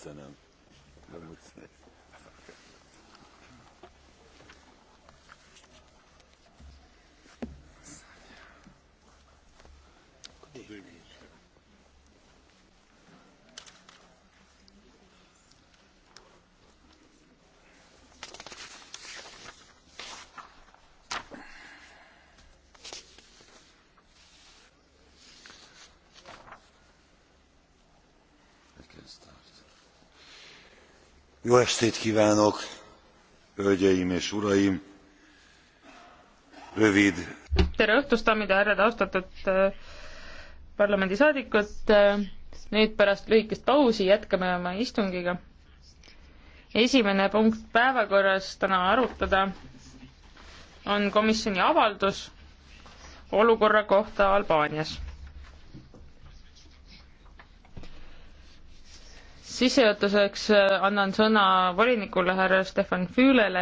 Köszönöm. Jó estét kívánok, hölgyeim és uraim! Rövid. tere õhtust, daamid ja härrad, austatud äh, parlamendisaadikud äh,. nüüd pärast lühikest pausi jätkame oma istungiga. esimene punkt päevakorras täna arutada on komisjoni avaldus olukorra kohta Albaanias sissejuhatuseks äh, annan sõna volinikule härra Stefan Füülele,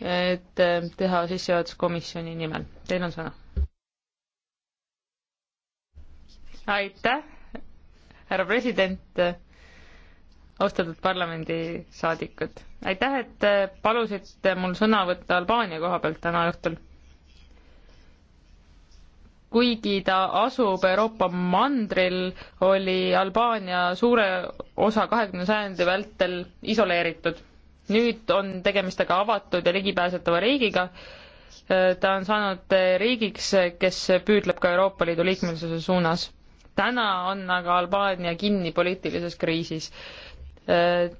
et äh, teha sissejuhatus komisjoni nimel. Teil on sõna. aitäh, härra president, äh, austatud parlamendisaadikud. aitäh, et palusite mul sõna võtta Albaania koha pealt täna õhtul kuigi ta asub Euroopa mandril, oli Albaania suure osa kahekümne sajandi vältel isoleeritud. nüüd on tegemist aga avatud ja ligipääsetava riigiga. ta on saanud riigiks, kes püüdleb ka Euroopa Liidu liikmelisuse suunas. täna on aga Albaania kinni poliitilises kriisis.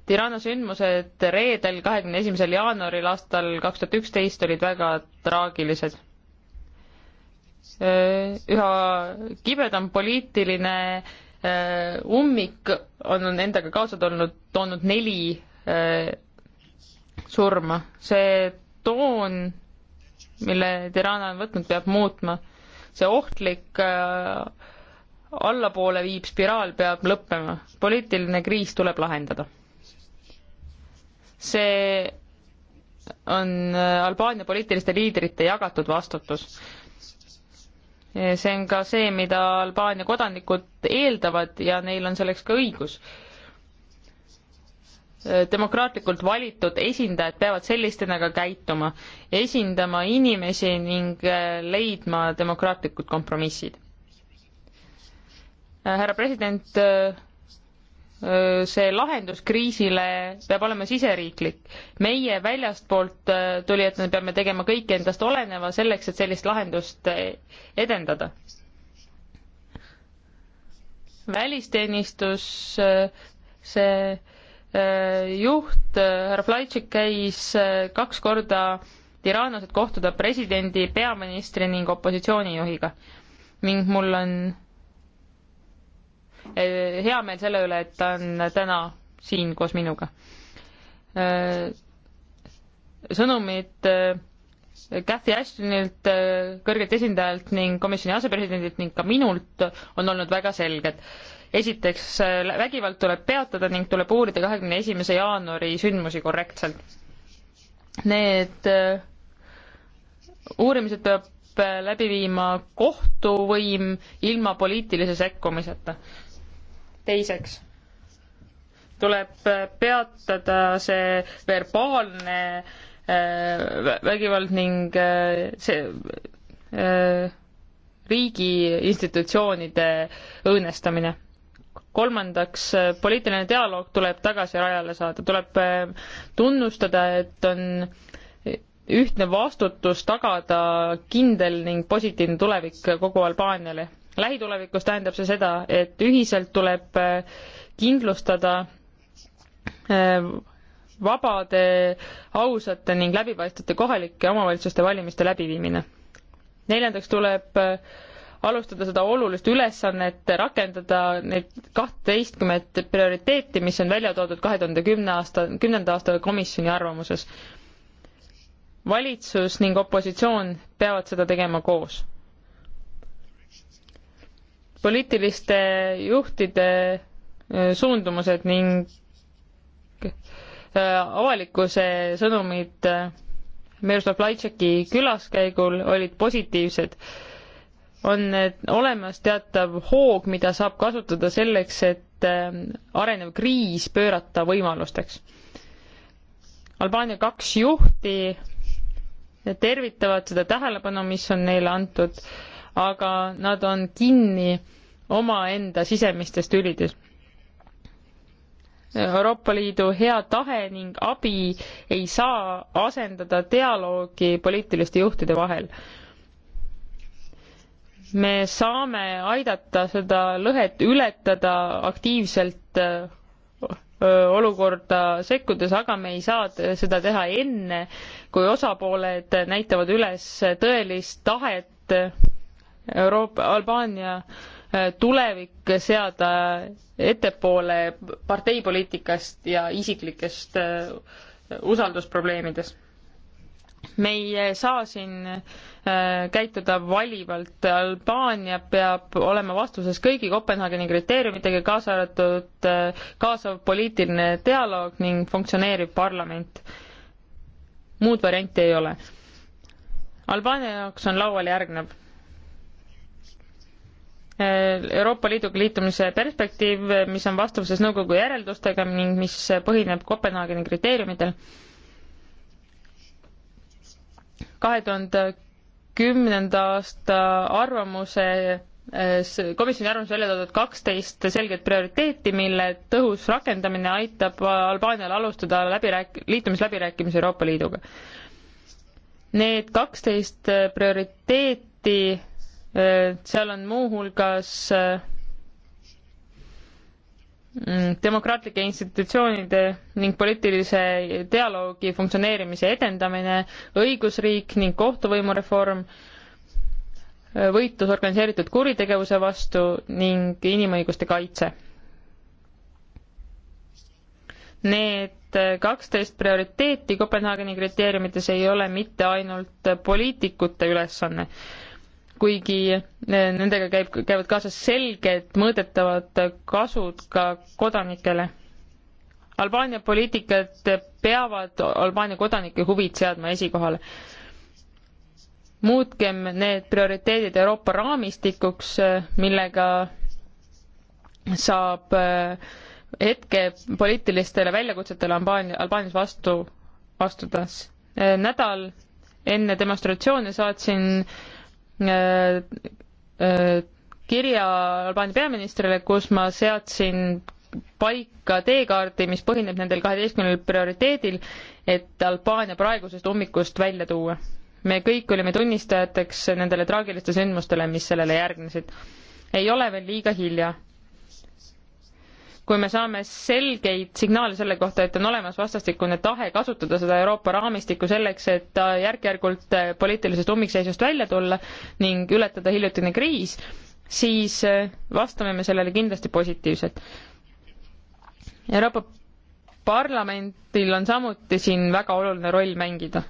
Tirana sündmused reedel, kahekümne esimesel jaanuaril aastal kaks tuhat üksteist olid väga traagilised Äh, üha kibedam poliitiline äh, ummik on endaga kaasa tulnud, toonud neli äh, surma. see toon, mille Tirana on võtnud, peab muutma. see ohtlik allapoole viib spiraal peab lõppema. poliitiline kriis tuleb lahendada. see on Albaania poliitiliste liidrite jagatud vastutus see on ka see, mida Albaania kodanikud eeldavad ja neil on selleks ka õigus. demokraatlikult valitud esindajad peavad sellistena ka käituma, esindama inimesi ning äh, leidma demokraatlikud kompromissid. Äh, härra president äh, see lahendus kriisile peab olema siseriiklik. meie väljastpoolt tulijatena peame tegema kõik endast oleneva selleks, et sellist lahendust edendada. välisteenistus, see juht härra Flaitšik käis kaks korda Tiranas, et kohtuda presidendi, peaministri ning opositsioonijuhiga. ning mul on Eh, hea meel selle üle, et ta on täna siin koos minuga. Eh, sõnumid eh, Cathy Ashtonilt, kõrgelt esindajalt ning komisjoni asepresidendilt ning ka minult on olnud väga selged. esiteks, vägivald tuleb peatada ning tuleb uurida kahekümne esimese jaanuari sündmusi korrektselt. Need uurimised peab läbi viima kohtuvõim ilma poliitilise sekkumiseta teiseks tuleb äh, peatada see verbaalne äh, vägivald ning äh, see riigi institutsioonide õõnestamine. kolmandaks, poliitiline dialoog tuleb tagasi rajale saada, tuleb tunnustada, et on ühtne vastutus tagada kindel ning positiivne tulevik kogu Albaaniale lähitulevikus tähendab see seda, et ühiselt tuleb äh, kindlustada äh, vabade, ausate ning läbipaistvate kohalike omavalitsuste valimiste läbiviimine. neljandaks tuleb äh, alustada seda olulist ülesannet, rakendada neid kahteteistkümmet prioriteeti, mis on välja toodud kahe tuhande kümne aasta, kümnenda aasta komisjoni arvamuses. valitsus ning opositsioon peavad seda tegema koos poliitiliste juhtide äh, suundumused ning äh, avalikkuse sõnumid äh, Miroslav Laitšeki külaskäigul olid positiivsed. on olemas teatav hoog, mida saab kasutada selleks, et arenev kriis pöörata võimalusteks. Albaania kaks juhti tervitavad seda tähelepanu, mis on neile antud, aga nad on kinni omaenda sisemistes tülides. Euroopa Liidu hea tahe ning abi ei saa asendada dialoogi poliitiliste juhtide vahel. me saame aidata seda lõhet ületada aktiivselt olukorda sekkudes, aga me ei saa seda teha enne, kui osapooled näitavad üles tõelist tahet Euroopa, Albaania äh, Äh, tulevik seada ettepoole parteipoliitikast ja isiklikest äh, usaldusprobleemidest. me ei äh, saa siin käituda valivalt, Albaania peab olema vastuses kõigi Kopenhaageni kriteeriumitega, kaasa arvatud kaasav poliitiline dialoog ning funktsioneeriv parlament. muud varianti ei ole. Albaania jaoks on laual järgnev Euroopa Liiduga liitumise perspektiiv, mis on vastavuses nõukogu järeldustega ning mis põhineb Kopenhaageni kriteeriumidel. kahe tuhande kümnenda aasta arvamuse, komisjoni arvamus välja toodud kaksteist selget prioriteeti, mille tõhus rakendamine aitab Albaanial alustada läbirääk-, liitumisläbirääkimisi Euroopa Liiduga. Need kaksteist prioriteeti Äh, seal on muuhulgas äh, demokraatlike institutsioonide ning poliitilise dialoogi funktsioneerimise edendamine, õigusriik ning kohtuvõimu reform, äh, võitlus organiseeritud kuritegevuse vastu ning inimõiguste kaitse. Need kaksteist prioriteeti Kopenhaageni kriteeriumites ei ole mitte ainult poliitikute ülesanne kuigi eh, nendega käib, käivad kaasas selged mõõdetavad kasud ka kodanikele. Albaania poliitikad peavad Albaania kodanike huvid seadma esikohale. muutkem need prioriteedid Euroopa raamistikuks, eh, millega saab eh, hetke poliitilistele väljakutsetele Albaania, Albaanias vastu, astudes. nädal enne demonstratsioone saatsin äh, Äh, äh, kirja Albaania peaministrile, kus ma seadsin paika teekaardi, mis põhineb nendel kaheteistkümnel prioriteedil, et Albaania praegusest ummikust välja tuua. me kõik olime tunnistajateks nendele traagiliste sündmustele, mis sellele järgnesid. ei ole veel liiga hilja kui me saame selgeid signaale selle kohta, et on olemas vastastikune tahe kasutada seda Euroopa raamistikku selleks, et äh, järk-järgult äh, poliitilisest ummikseisust välja tulla ning ületada hiljutine kriis, siis äh, vastame me sellele kindlasti positiivselt. Euroopa Parlamentil on samuti siin väga oluline roll mängida.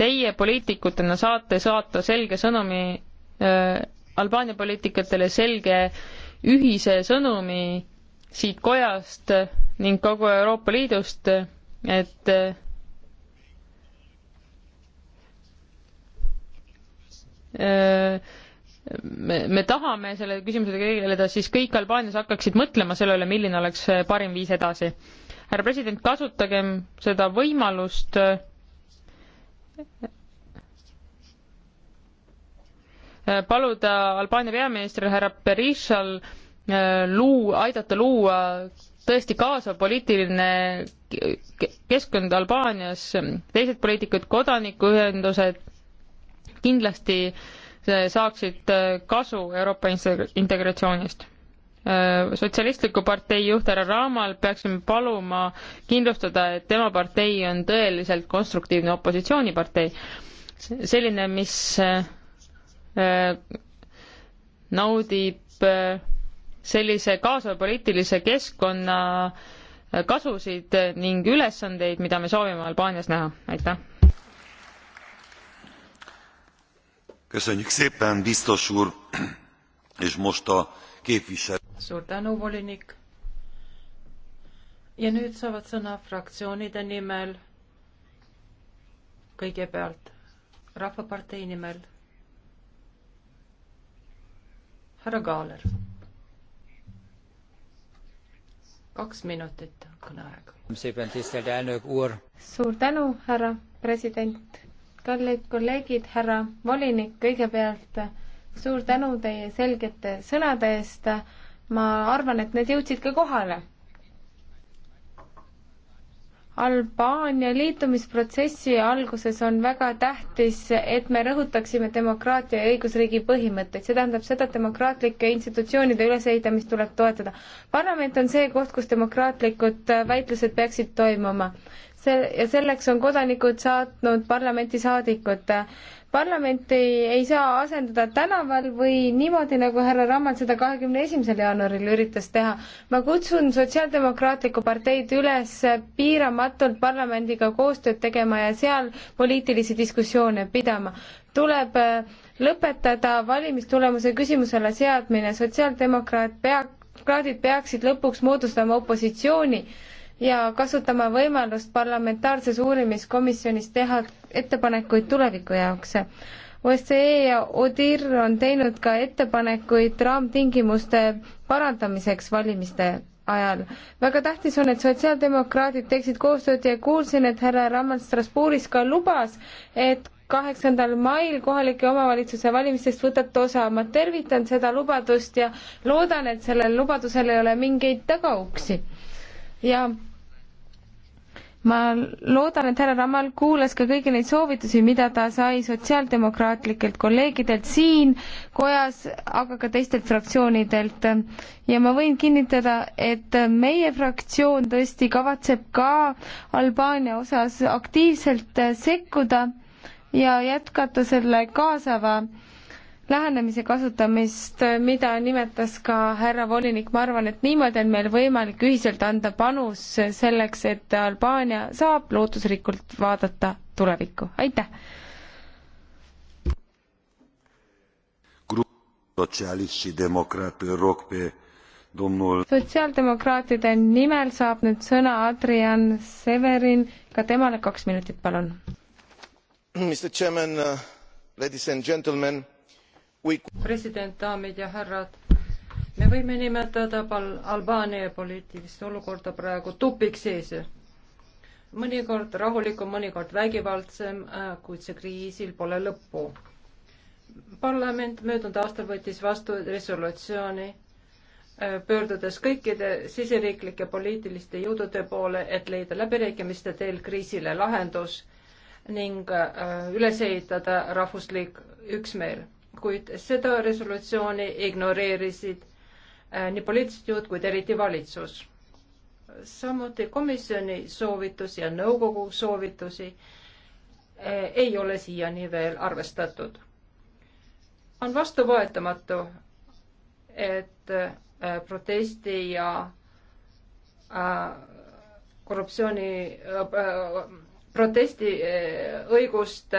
Teie poliitikutena saate saata selge sõnumi Albaania poliitikatele selge ühise sõnumi siit kojast ning kogu Euroopa Liidust, et me, me tahame selle küsimusega tegeleda, siis kõik Albaanias hakkaksid mõtlema selle üle, milline oleks parim viis edasi. härra president, kasutagem seda võimalust Äh, paluda Albaania peaministril härra Berishal äh, luu, aidata luua tõesti kaasav poliitiline keskkond Albaanias, teised poliitikud, kodanikuühendused kindlasti äh, saaksid kasu Euroopa integratsioonist. Sotsialistliku partei juht härra Raamal peaksime paluma kindlustada, et tema partei on tõeliselt konstruktiivne opositsioonipartei, selline, mis Äh, naudib äh, sellise kaasava poliitilise keskkonna äh, kasusid ning ülesandeid, mida me soovime Albaanias näha, aitäh. suur tänu, volinik. ja nüüd saavad sõna fraktsioonide nimel. kõigepealt Rahvapartei nimel härra Kaaler. kaks minutit kõneaega. suur tänu, härra president, kallid kolleegid, härra volinik, kõigepealt suur tänu teie selgete sõnade eest. ma arvan, et need jõudsid ka kohale Albaania liitumisprotsessi alguses on väga tähtis, et me rõhutaksime demokraatia ja õigusriigi põhimõtteid, see tähendab seda, et demokraatlike institutsioonide ülesehitamist tuleb toetada. parlament on see koht, kus demokraatlikud äh, väitlused peaksid toimuma. see, ja selleks on kodanikud saatnud parlamenti saadikud parlamenti ei saa asendada tänaval või niimoodi, nagu härra Rammal seda kahekümne esimesel jaanuaril üritas teha. ma kutsun Sotsiaaldemokraatlikku parteid üles piiramatult parlamendiga koostööd tegema ja seal poliitilisi diskussioone pidama. tuleb äh, lõpetada valimistulemuse küsimusele seadmine, sotsiaaldemokraat pea, kraadid peaksid lõpuks moodustama opositsiooni ja kasutama võimalust parlamentaarses uurimiskomisjonis teha ettepanekuid tuleviku jaoks. OSCE ja ODIR on teinud ka ettepanekuid raamtingimuste parandamiseks valimiste ajal. väga tähtis on, et sotsiaaldemokraadid teeksid koostööd ja kuulsin, et härra Rammel Strasbourgis ka lubas, et kaheksandal mail kohalike omavalitsuse valimistest võtate osa. ma tervitan seda lubadust ja loodan, et sellel lubadusel ei ole mingeid tagauksi. ja ma loodan, et härra Ramal kuulas ka kõiki neid soovitusi, mida ta sai sotsiaaldemokraatlikelt kolleegidelt siin kojas, aga ka teistelt fraktsioonidelt. ja ma võin kinnitada, et meie fraktsioon tõesti kavatseb ka Albaania osas aktiivselt sekkuda ja jätkata selle kaasava lähenemise kasutamist, mida nimetas ka härra volinik, ma arvan, et niimoodi on meil võimalik ühiselt anda panus selleks, et Albaania saab lootusrikult vaadata tulevikku, aitäh! sotsiaaldemokraatide nimel saab nüüd sõna Adrian Severin, ka temale kaks minutit, palun. Mr Chairman uh,, ladies and gentlemen president, daamid ja härrad, me võime nimetada Al Albaania poliitilist olukorda praegu tupikseisu. mõnikord rahulikum, mõnikord vägivaldsem, äh, kuid see kriisil pole lõppu. parlament möödunud aastal võttis vastu resolutsiooni, äh, pöördudes kõikide siseriiklike poliitiliste jõudude poole, et leida läbirääkimiste teel kriisile lahendus ning äh, üles ehitada rahvuslik üksmeel kuid seda resolutsiooni ignoreerisid äh, nii poliitilised jõud kui eriti valitsus. samuti komisjoni soovitusi ja nõukogu soovitusi äh, ei ole siiani veel arvestatud. on vastuvõetamatu, et äh, protesti ja korruptsiooni, protesti õigust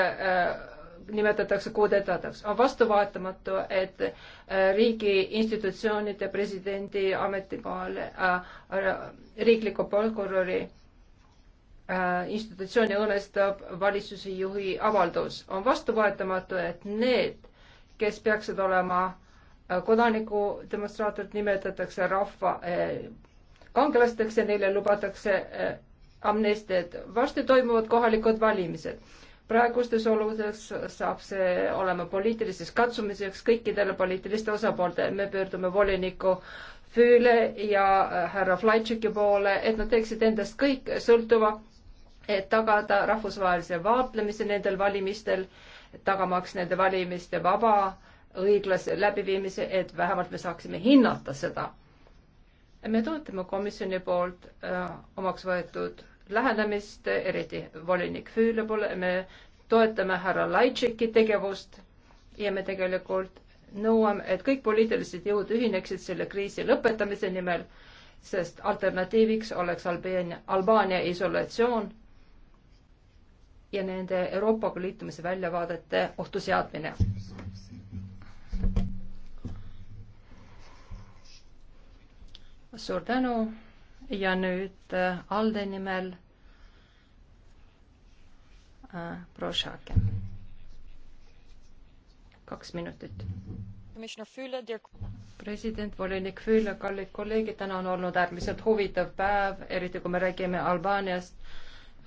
nimetatakse kuudetadaks. on vastuvaatamatu, et äh, riigi institutsioonide presidendi ametikohal äh, äh, riikliku prokuröri institutsiooni õõnestab valitsuse juhi avaldus. on vastuvõetamatu, et need, kes peaksid olema kodanikudemonstraatorid, nimetatakse rahva kangelasteks ja neile lubatakse amnestiat. varsti toimuvad kohalikud valimised praegustes oludes saab see olema poliitiliseks katsumiseks kõikidele poliitiliste osapooltele. me pöördume voliniku Füüle ja äh, härra Flaitšiki poole, et nad teeksid endast kõik sõltuva, et tagada rahvusvahelise vaatlemise nendel valimistel, tagamaks nende valimiste vaba õiglase läbiviimise, et vähemalt me saaksime hinnata seda. me toetame komisjoni poolt äh, omaks võetud lähenemist, eriti volinik Füüle poole, me toetame härra Laitšeki tegevust ja me tegelikult nõuame, et kõik poliitilised jõud ühineksid selle kriisi lõpetamise nimel, sest alternatiiviks oleks Albaania, Albaania isolatsioon ja nende Euroopaga liitumise väljavaadete ohtu seadmine. suur tänu ja nüüd äh, ALDE nimel äh, Prošake. kaks minutit. president, volinik Füüle, kallid kolleegid, täna on olnud äärmiselt huvitav päev, eriti kui me räägime Albaaniast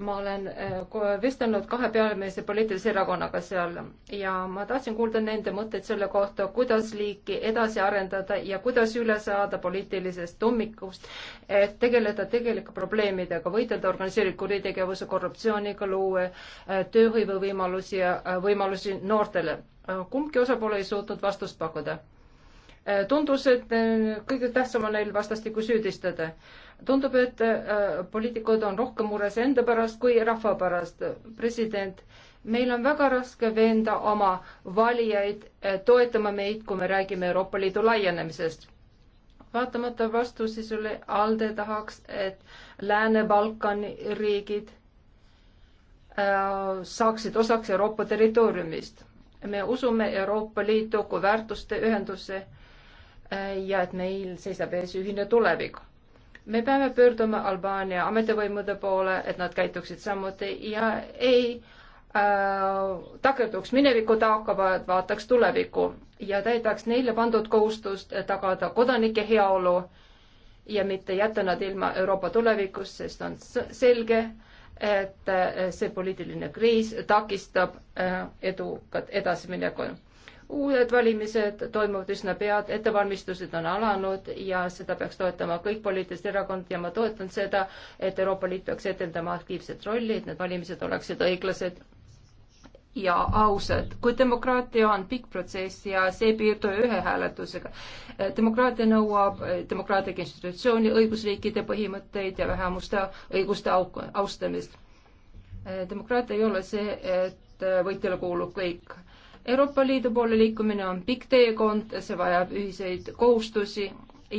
ma olen äh, vestelnud kahe peamise poliitilise erakonnaga seal ja ma tahtsin kuulda nende mõtteid selle kohta, kuidas liiki edasi arendada ja kuidas üle saada poliitilisest tummikust, et tegeleda tegelike probleemidega, võidelda organiseeritud kuritegevuse, korruptsiooniga, luua äh, tööhõivevõimalusi ja äh, võimalusi noortele. kumbki osapool ei suutnud vastust pakkuda. tundus, et kõige tähtsam on neil vastastikku süüdistada tundub, et äh, poliitikud on rohkem mures enda pärast kui rahva pärast. president, meil on väga raske veenda oma valijaid äh, toetama meid, kui me räägime Euroopa Liidu laienemisest. vaatamata vastusisule, ALDE tahaks, et Lääne-Balkani riigid äh, saaksid osaks Euroopa territooriumist. me usume Euroopa Liitu kui väärtuste ühendusse ja et meil seisab ees ühine tulevik me peame pöörduma Albaania ametivõimude poole, et nad käituksid samuti ja ei äh, takerduks minevikku taaka, vaid vaataks tulevikku ja täidaks neile pandud kohustust tagada kodanike heaolu ja mitte jätta nad ilma Euroopa tulevikust, sest on selge, et äh, see poliitiline kriis takistab äh, edukat edasiminekut uued valimised toimuvad üsna pead, ettevalmistused on alanud ja seda peaks toetama kõik poliitilised erakond ja ma toetan seda, et Euroopa Liit peaks etendama aktiivset rolli, et need valimised oleksid õiglased ja ausad. kui demokraatia on pikk protsess ja see ei piirdu ühe hääletusega, eh, demokraatia nõuab eh, demokraatlikke institutsiooni, õigusriikide põhimõtteid ja vähemuste õiguste au-, austamist. Eh, demokraatia ei ole see, et võitjale kuulub kõik Euroopa Liidu poole liikumine on pikk teekond, see vajab ühiseid kohustusi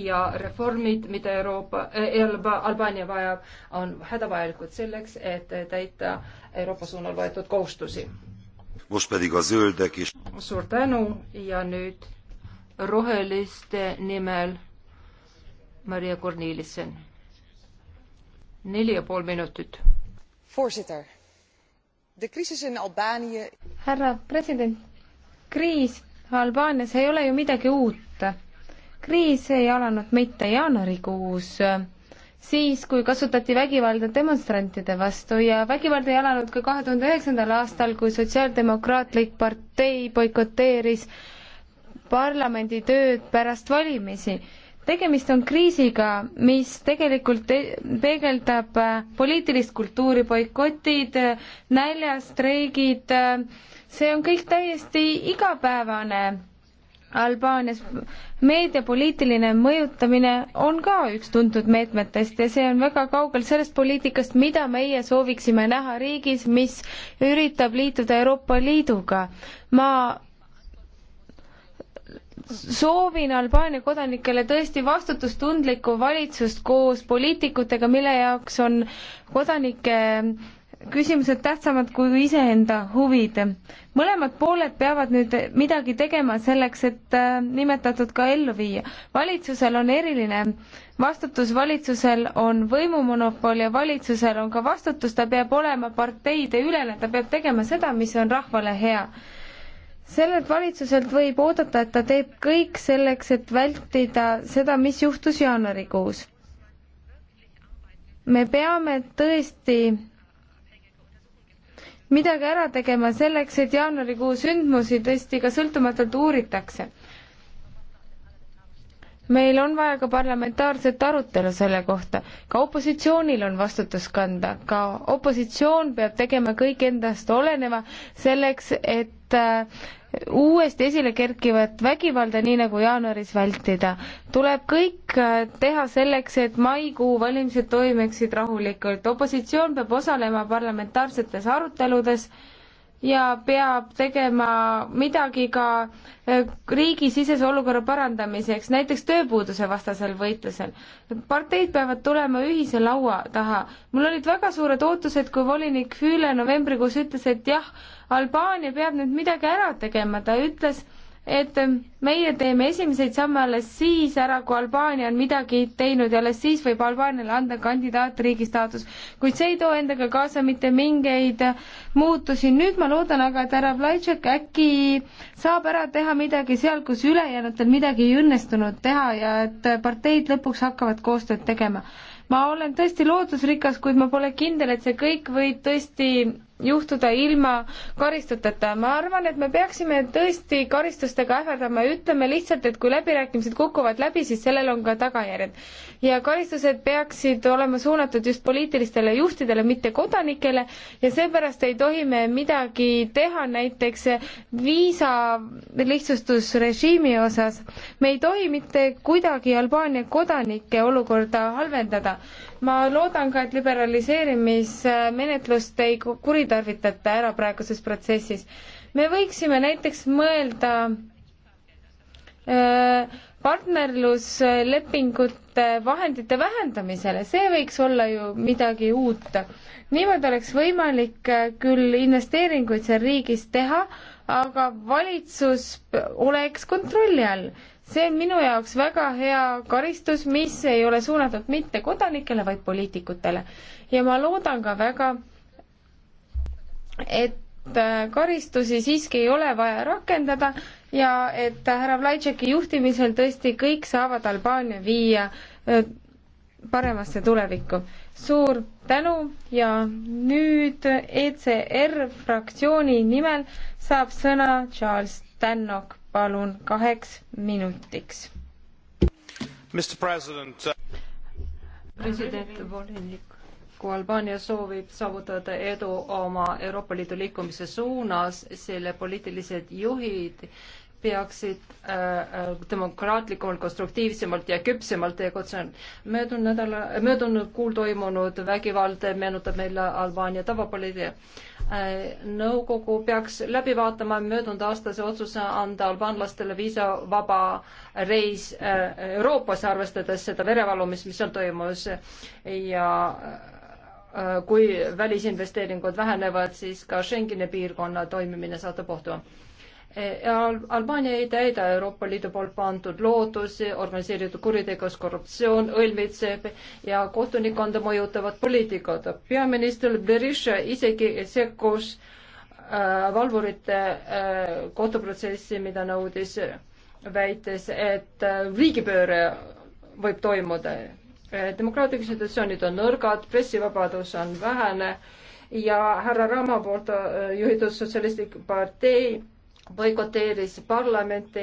ja reformid, mida Euroopa äh,, Alba, Albaania vajab, on hädavajalikud selleks, et täita Euroopa suunal võetud kohustusi. suur tänu ja nüüd roheliste nimel Maria Kornelissen. neli ja pool minutit. voorzitter, de crisis in Albaania. härra president kriis Albaanias ei ole ju midagi uut. kriis ei alanud mitte jaanuarikuus, siis kui kasutati vägivalda demonstrantide vastu ja vägivald ei alanud ka kahe tuhande üheksandal aastal, kui Sotsiaaldemokraatlik partei boikoteeris parlamendi tööd pärast valimisi. tegemist on kriisiga, mis tegelikult e-, peegeldab äh, poliitilist kultuuri, boikotid, äh, näljastreigid äh,, see on kõik täiesti igapäevane Albaanias meediapoliitiline mõjutamine on ka üks tuntud meetmetest ja see on väga kaugel sellest poliitikast, mida meie sooviksime näha riigis, mis üritab liituda Euroopa Liiduga. ma soovin Albaania kodanikele tõesti vastutustundlikku valitsust koos poliitikutega, mille jaoks on kodanike küsimused tähtsamad kui iseenda huvid. mõlemad pooled peavad nüüd midagi tegema selleks, et äh, nimetatud ka ellu viia. valitsusel on eriline vastutus, valitsusel on võimumonopol ja valitsusel on ka vastutus, ta peab olema parteide ülene, ta peab tegema seda, mis on rahvale hea sellelt valitsuselt võib oodata, et ta teeb kõik selleks, et vältida seda, mis juhtus jaanuarikuus. me peame tõesti midagi ära tegema selleks, et jaanuarikuu sündmusi tõesti ka sõltumatult uuritakse. meil on vaja ka parlamentaarset arutelu selle kohta, ka opositsioonil on vastutus kanda, ka opositsioon peab tegema kõik endast oleneva selleks, et äh, uuesti esile kerkivat vägivalda, nii nagu jaanuaris, vältida. tuleb kõik äh, teha selleks, et maikuu valimised toimiksid rahulikult. opositsioon peab osalema parlamentaarsetes aruteludes ja peab tegema midagi ka äh, riigisisese olukorra parandamiseks, näiteks tööpuuduse vastasel võitlusel. parteid peavad tulema ühise laua taha. mul olid väga suured ootused, kui volinik Füüle novembrikuus ütles, et jah, Albaania peab nüüd midagi ära tegema, ta ütles, et meie teeme esimeseid samme alles siis ära, kui Albaania on midagi teinud ja alles siis võib Albaaniale anda kandidaatriigi staatus. kuid see ei too endaga kaasa mitte mingeid muutusi. nüüd ma loodan aga, et härra Vlaitšek äkki saab ära teha midagi seal, kus ülejäänutel midagi ei õnnestunud teha ja et parteid lõpuks hakkavad koostööd tegema. ma olen tõesti lootusrikas, kuid ma pole kindel, et see kõik võib tõesti juhtuda ilma karistuteta. ma arvan, et me peaksime tõesti karistustega ähvardama ja ütleme lihtsalt, et kui läbirääkimised kukuvad läbi, siis sellel on ka tagajärjed. ja karistused peaksid olema suunatud just poliitilistele juhtidele, mitte kodanikele ja seepärast ei tohi me midagi teha näiteks viisa lihtsustusrežiimi osas. me ei tohi mitte kuidagi Albaania kodanike olukorda halvendada ma loodan ka, et liberaliseerimismenetlust ei kuritarvitata ära praeguses protsessis. me võiksime näiteks mõelda äh, partnerluslepingute vahendite vähendamisele, see võiks olla ju midagi uut. niimoodi oleks võimalik äh, küll investeeringuid seal riigis teha, aga valitsus oleks kontrolli all see on minu jaoks väga hea karistus, mis ei ole suunatud mitte kodanikele, vaid poliitikutele. ja ma loodan ka väga, et äh, karistusi siiski ei ole vaja rakendada ja et härra Vlaitšeki juhtimisel tõesti kõik saavad Albaania viia äh, paremasse tulevikku. suur tänu ja nüüd ECR fraktsiooni nimel saab sõna Charles Tannock palun kaheks minutiks. president, uh, president volinik kui Albaania soovib saavutada edu oma Euroopa Liidu liikumise suunas, selle poliitilised juhid peaksid äh, äh, demokraatlikumalt, konstruktiivsemalt ja küpsemalt tegutsema. möödunud nädala, möödunud kuul toimunud vägivald meenutab meile Albaania tavapoliitika äh,. nõukogu peaks läbi vaatama möödunud aastase otsuse anda albaanlastele viisavaba reis äh, Euroopasse, arvestades seda verevalumist, mis seal toimus ja äh, kui välisinvesteeringud vähenevad, siis ka Schengeni piirkonna toimimine saate puhtama Albaania ei täida Euroopa Liidu poolt pandud loodusi, organiseeritud kuritegevus, korruptsioon õlmitseb ja kohtunikkonda mõjutavad poliitikud. peaminister Berisha isegi sekkus äh, valvurite äh, kohtuprotsessi, mida nõudis, väites, et äh, riigipööre võib toimuda. Äh, demokraatlikud institutsioonid on nõrgad, pressivabadus on vähene ja härra Rama poolt äh, juhitud sotsialistlik partei boikoteeris parlamenti,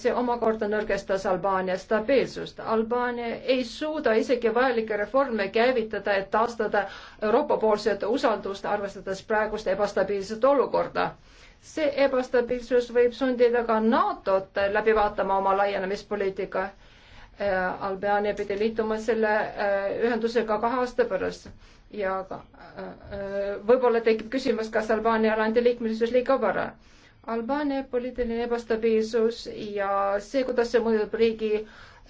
see omakorda nõrgestas Albaania stabiilsust. Albaania ei suuda isegi vajalikke reforme käivitada, et taastada Euroopa poolset usaldust, arvestades praegust ebastabiilset olukorda. see ebastabiilsus võib sundida ka NATO-t läbi vaatama oma laienemispoliitika. Äh, Albaania pidi liituma selle äh, ühendusega kahe aasta pärast ja äh, võib-olla tekib küsimus, kas Albaaniale anti liikmelisus liiga vara Albaania poliitiline ebastabiilsus ja see, kuidas see mõjub riigi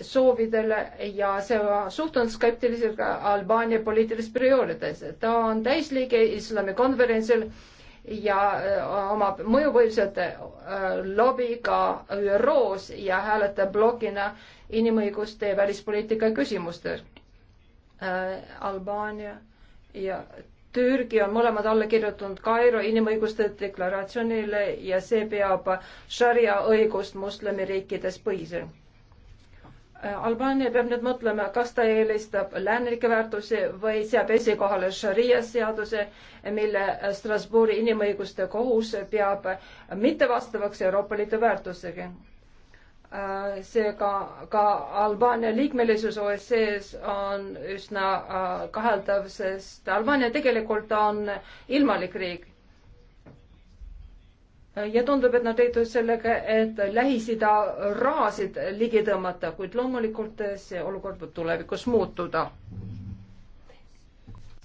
soovidele ja see suhtun skeptiliselt ka Albaania poliitilistes perioodides. ta on täisliige islami konverentsil ja äh, omab mõjuvõimsat äh, lobi ka ÜRO-s ja hääletab blogina inimõiguste ja välispoliitika küsimustes. Äh, Albaania ja Türgi on mõlemad alla kirjutanud Kairo inimõiguste deklaratsioonile ja see peab šaria õigust moslemiriikides põhisel. Äh, Albaania peab nüüd mõtlema, kas ta eelistab läänelikke väärtusi või seab esikohale šaria seaduse, mille äh, Strasbourgi inimõiguste kohus peab mittevastavaks Euroopa Liidu väärtusega Äh, seega ka, ka Albaania liikmelisus OSCE-s on üsna äh, kaheldav, sest Albaania tegelikult on ilmalik riik. Äh, ja tundub, et nad liitusid sellega, et Lähis-Ida rahasid ligi tõmmata, kuid loomulikult see olukord võib tulevikus muutuda.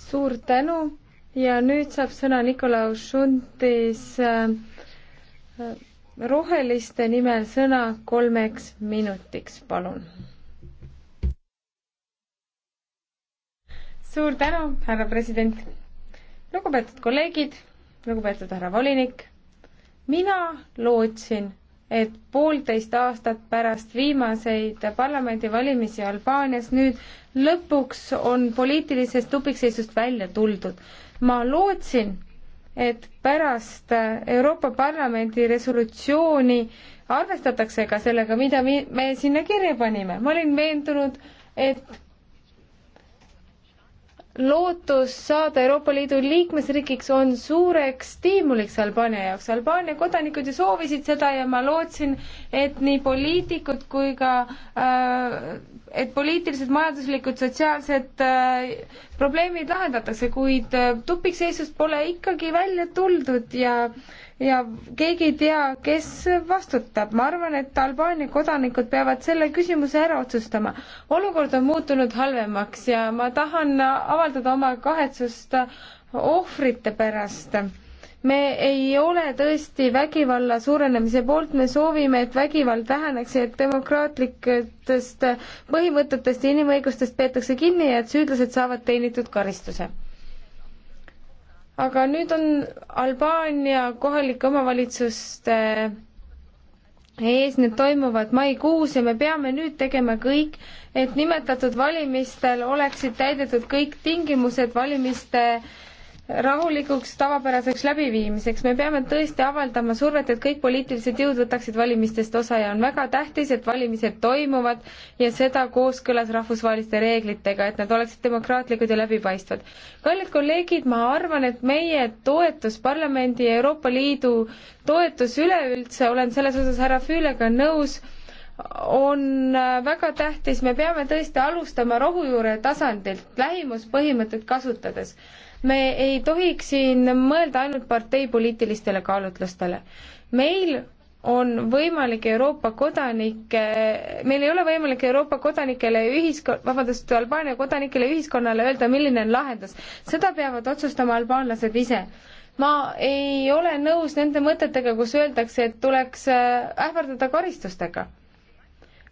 suur tänu ja nüüd saab sõna Nikolaus Šuntis äh, äh, roheliste nimel sõna kolmeks minutiks, palun. suur tänu, härra president. lugupeetud kolleegid, lugupeetud härra volinik. mina lootsin, et poolteist aastat pärast viimaseid parlamendivalimisi Albaanias nüüd lõpuks on poliitilisest tupikseisust välja tuldud. ma lootsin, et pärast Euroopa Parlamendi resolutsiooni arvestatakse ka sellega, mida me sinna kirja panime. ma olin veendunud, et lootus saada Euroopa Liidu liikmesriigiks on suureks stiimuliks Albaania jaoks. Albaania kodanikud ju soovisid seda ja ma lootsin, et nii poliitikud kui ka, äh, et poliitilised, majanduslikud, sotsiaalsed äh, probleemid lahendatakse, kuid äh, tupikseisust pole ikkagi välja tuldud ja ja keegi ei tea, kes vastutab. ma arvan, et Albaania kodanikud peavad selle küsimuse ära otsustama. olukord on muutunud halvemaks ja ma tahan avaldada oma kahetsust ohvrite pärast me ei ole tõesti vägivalla suurenemise poolt, me soovime, et vägivald väheneks ja et demokraatlikest põhimõtetest ja inimõigustest peetakse kinni ja et süüdlased saavad teenitud karistuse. aga nüüd on Albaania kohalike omavalitsuste ees, need toimuvad maikuus ja me peame nüüd tegema kõik, et nimetatud valimistel oleksid täidetud kõik tingimused valimiste äh, rahulikuks tavapäraseks läbiviimiseks. me peame tõesti avaldama survet, et kõik poliitilised jõud võtaksid valimistest osa ja on väga tähtis, et valimised toimuvad ja seda kooskõlas rahvusvaheliste reeglitega, et nad oleksid demokraatlikud ja läbipaistvad. kallid kolleegid, ma arvan, et meie toetus parlamendi ja Euroopa Liidu toetus üleüldse, olen selles osas härra Füülega nõus on väga tähtis, me peame tõesti alustama rohujuure tasandilt lähimuspõhimõtet kasutades me ei tohiks siin mõelda ainult parteipoliitilistele kaalutlustele. meil on võimalik Euroopa kodanike, meil ei ole võimalik Euroopa kodanikele ühiskon-, vabandust, Albaania kodanikele ühiskonnale öelda, milline on lahendus. seda peavad otsustama albaanlased ise. ma ei ole nõus nende mõtetega, kus öeldakse, et tuleks äh, ähvardada karistustega.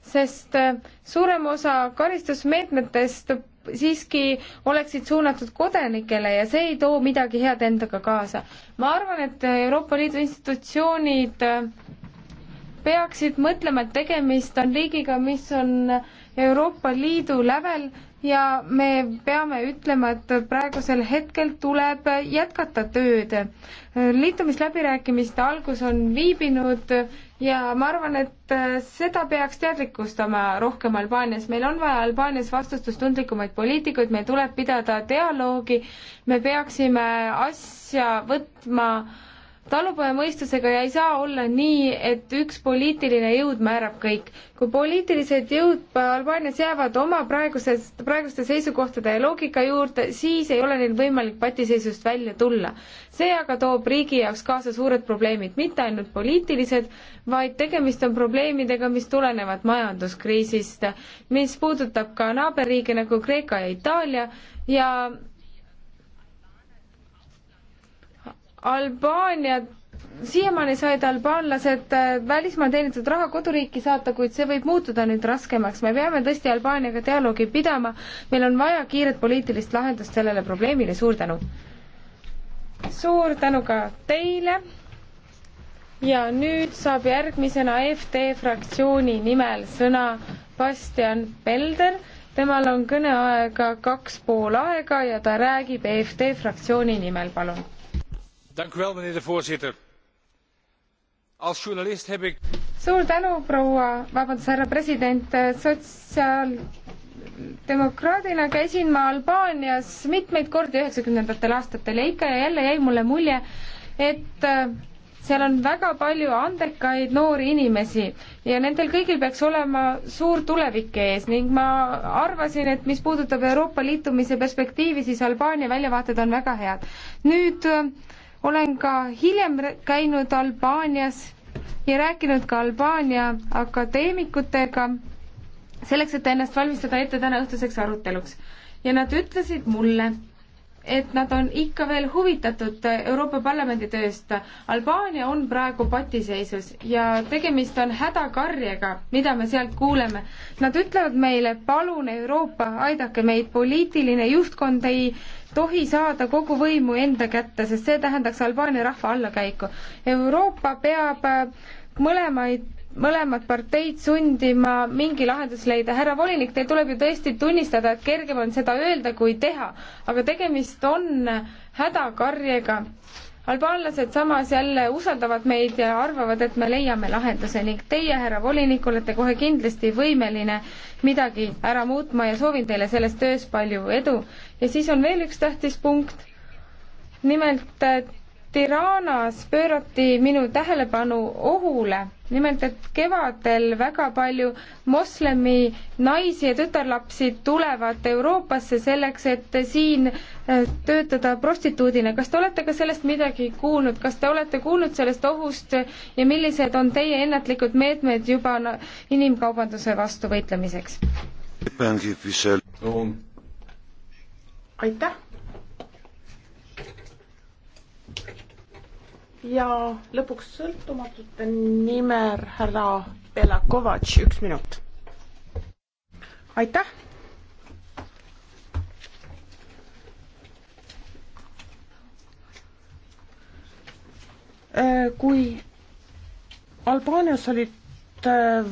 sest äh, suurem osa karistusmeetmetest siiski oleksid suunatud kodanikele ja see ei too midagi head endaga kaasa. ma arvan, et Euroopa Liidu institutsioonid äh, peaksid mõtlema, et tegemist on riigiga, mis on Euroopa Liidu lävel, ja me peame ütlema, et praegusel hetkel tuleb jätkata tööd. liitumisläbirääkimiste algus on viibinud ja ma arvan, et seda peaks teadlikustama rohkem Albaanias. meil on vaja Albaanias vastutustundlikumaid poliitikuid, meil tuleb pidada dialoogi, me peaksime asja võtma äh, talupojamõistusega ja ei saa olla nii, et üks poliitiline jõud määrab kõik. kui poliitilised jõud Albaanias jäävad oma praegusest, praeguste seisukohtade ja loogika juurde, siis ei ole neil võimalik patiseisust välja tulla. see aga toob riigi jaoks kaasa suured probleemid, mitte ainult poliitilised, vaid tegemist on probleemidega, mis tulenevad majanduskriisist, mis puudutab ka naaberriike nagu Kreeka ja Itaalia ja Albaania, siiamaani said albaanlased äh, välismaal teenitud raha koduriiki saata, kuid see võib muutuda nüüd raskemaks. me peame tõesti Albaaniaga dialoogi pidama, meil on vaja kiiret poliitilist lahendust sellele probleemile, suur tänu! suur tänu ka teile ja nüüd saab järgmisena EFT fraktsiooni nimel sõna Bastian Pelder temal on kõneaega kaks pool aega ja ta räägib EFT fraktsiooni nimel, palun als journalist heb ik. suur tänu, proua, vabandust, härra president, sotsiaaldemokraadina käisin ma Albaanias mitmeid kordi üheksakümnendatel aastatel ja ikka ja jälle jäi mulle mulje, et äh, seal on väga palju andekaid noori inimesi ja nendel kõigil peaks olema suur tulevik ees ning ma arvasin, et mis puudutab Euroopa liitumise perspektiivi, siis Albaania väljavaated on väga head. nüüd äh, olen ka hiljem käinud Albaanias ja rääkinud ka Albaania akadeemikutega selleks, et ennast valmistada ette täna õhtuseks aruteluks. ja nad ütlesid mulle, et nad on ikka veel huvitatud Euroopa Parlamendi tööst. Albaania on praegu patiseisus ja tegemist on hädakarjega, mida me sealt kuuleme. Nad ütlevad meile, palun Euroopa, aidake meid, poliitiline juhtkond ei tohi saada kogu võimu enda kätte, sest see tähendaks Albaania rahva allakäiku. Euroopa peab mõlemaid mõlemad parteid sundima mingi lahendus leida. härra volinik, teil tuleb ju tõesti tunnistada, et kergem on seda öelda kui teha, aga tegemist on hädakarjega. albaanlased samas jälle usaldavad meid ja arvavad, et me leiame lahenduse ning teie, härra volinik, olete kohe kindlasti võimeline midagi ära muutma ja soovin teile selles töös palju edu. ja siis on veel üks tähtis punkt nimelt Tiranas pöörati minu tähelepanu ohule, nimelt et kevadel väga palju moslemi naisi ja tütarlapsi tulevad Euroopasse selleks, et siin äh, töötada prostituudina. kas te olete ka sellest midagi kuulnud, kas te olete kuulnud sellest ohust ja millised on teie ennatlikud meetmed juba inimkaubanduse vastu võitlemiseks? aitäh ja lõpuks sõltumatute nimel härra Bela Kovatš, üks minut. aitäh. Äh, kui Albaanias olid äh,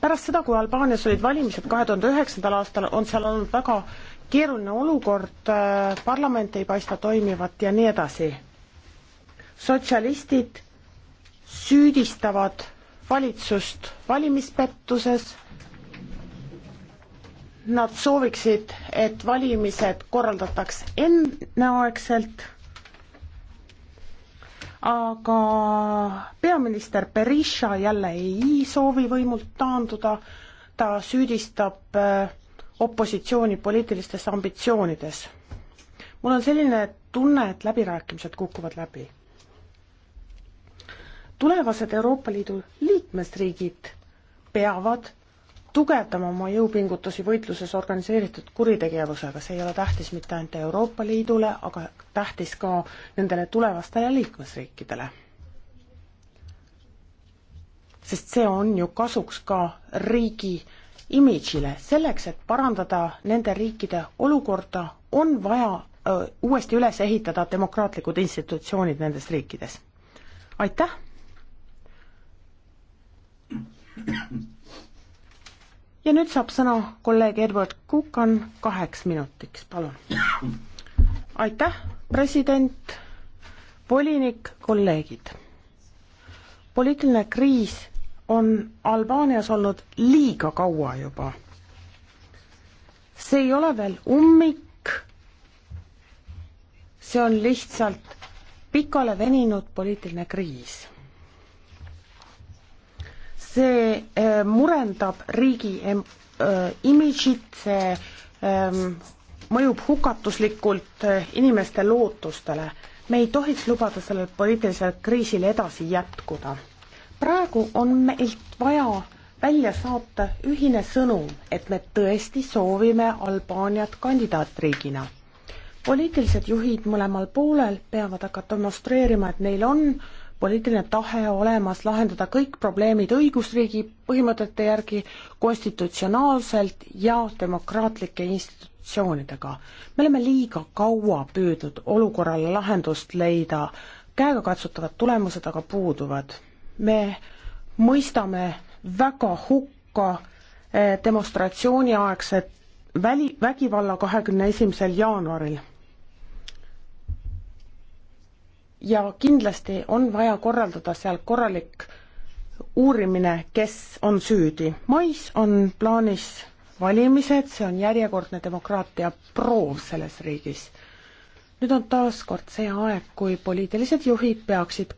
pärast seda, kui Albaanias olid valimised kahe tuhande üheksandal aastal, on seal olnud väga keeruline olukord, äh, parlament ei paista toimivat ja nii edasi sotsialistid süüdistavad valitsust valimispettuses. Nad sooviksid, et valimised korraldataks enneaegselt. aga peaminister Berisha jälle ei soovi võimult taanduda. ta süüdistab äh, opositsiooni poliitilistes ambitsioonides. mul on selline tunne, et läbirääkimised kukuvad läbi tulevased Euroopa Liidu liikmesriigid peavad tugevdama oma jõupingutusi võitluses organiseeritud kuritegevusega, see ei ole tähtis mitte ainult Euroopa Liidule, aga tähtis ka nendele tulevastele liikmesriikidele. sest see on ju kasuks ka riigi imidžile, selleks et parandada nende riikide olukorda, on vaja öö, uuesti üles ehitada demokraatlikud institutsioonid nendes riikides. aitäh! ja nüüd saab sõna kolleeg Edward Kukan kaheks minutiks, palun. aitäh, president, volinik, kolleegid. poliitiline kriis on Albaanias olnud liiga kaua juba. see ei ole veel ummik, see on lihtsalt pikale veninud poliitiline kriis see äh, murendab riigi äh, imidžit, see ähm, mõjub hukatuslikult äh, inimeste lootustele. me ei tohiks lubada sellel poliitilisel kriisil edasi jätkuda. praegu on meilt vaja välja saata ühine sõnum, et me tõesti soovime Albaaniat kandidaatriigina. poliitilised juhid mõlemal poolel peavad aga demonstreerima, et neil on poliitiline tahe olemas lahendada kõik probleemid õigusriigi põhimõtete järgi konstitutsionaalselt ja demokraatlike institutsioonidega. me oleme liiga kaua püüdnud olukorrale lahendust leida, käegakatsutavad tulemused aga puuduvad. me mõistame väga hukka eh, demonstratsiooniaegset väli, vägivalla kahekümne esimesel jaanuaril ja kindlasti on vaja korraldada seal korralik uurimine, kes on süüdi. mais on plaanis valimised, see on järjekordne demokraatia proov selles riigis. nüüd on taas kord see aeg, kui poliitilised juhid peaksid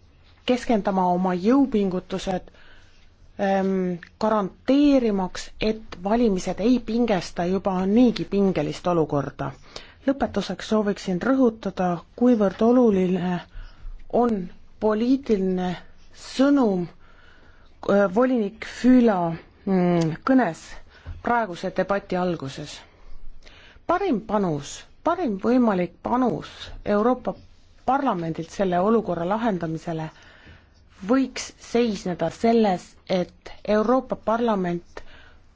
keskendama oma jõupingutused ähm, garanteerimaks, et valimised ei pingesta juba niigi pingelist olukorda. lõpetuseks sooviksin rõhutada, kuivõrd oluline on poliitiline sõnum äh, volinik Füüla mm, kõnes praeguse debati alguses. parim panus, parim võimalik panus Euroopa Parlamendilt selle olukorra lahendamisele võiks seisneda selles, et Euroopa Parlament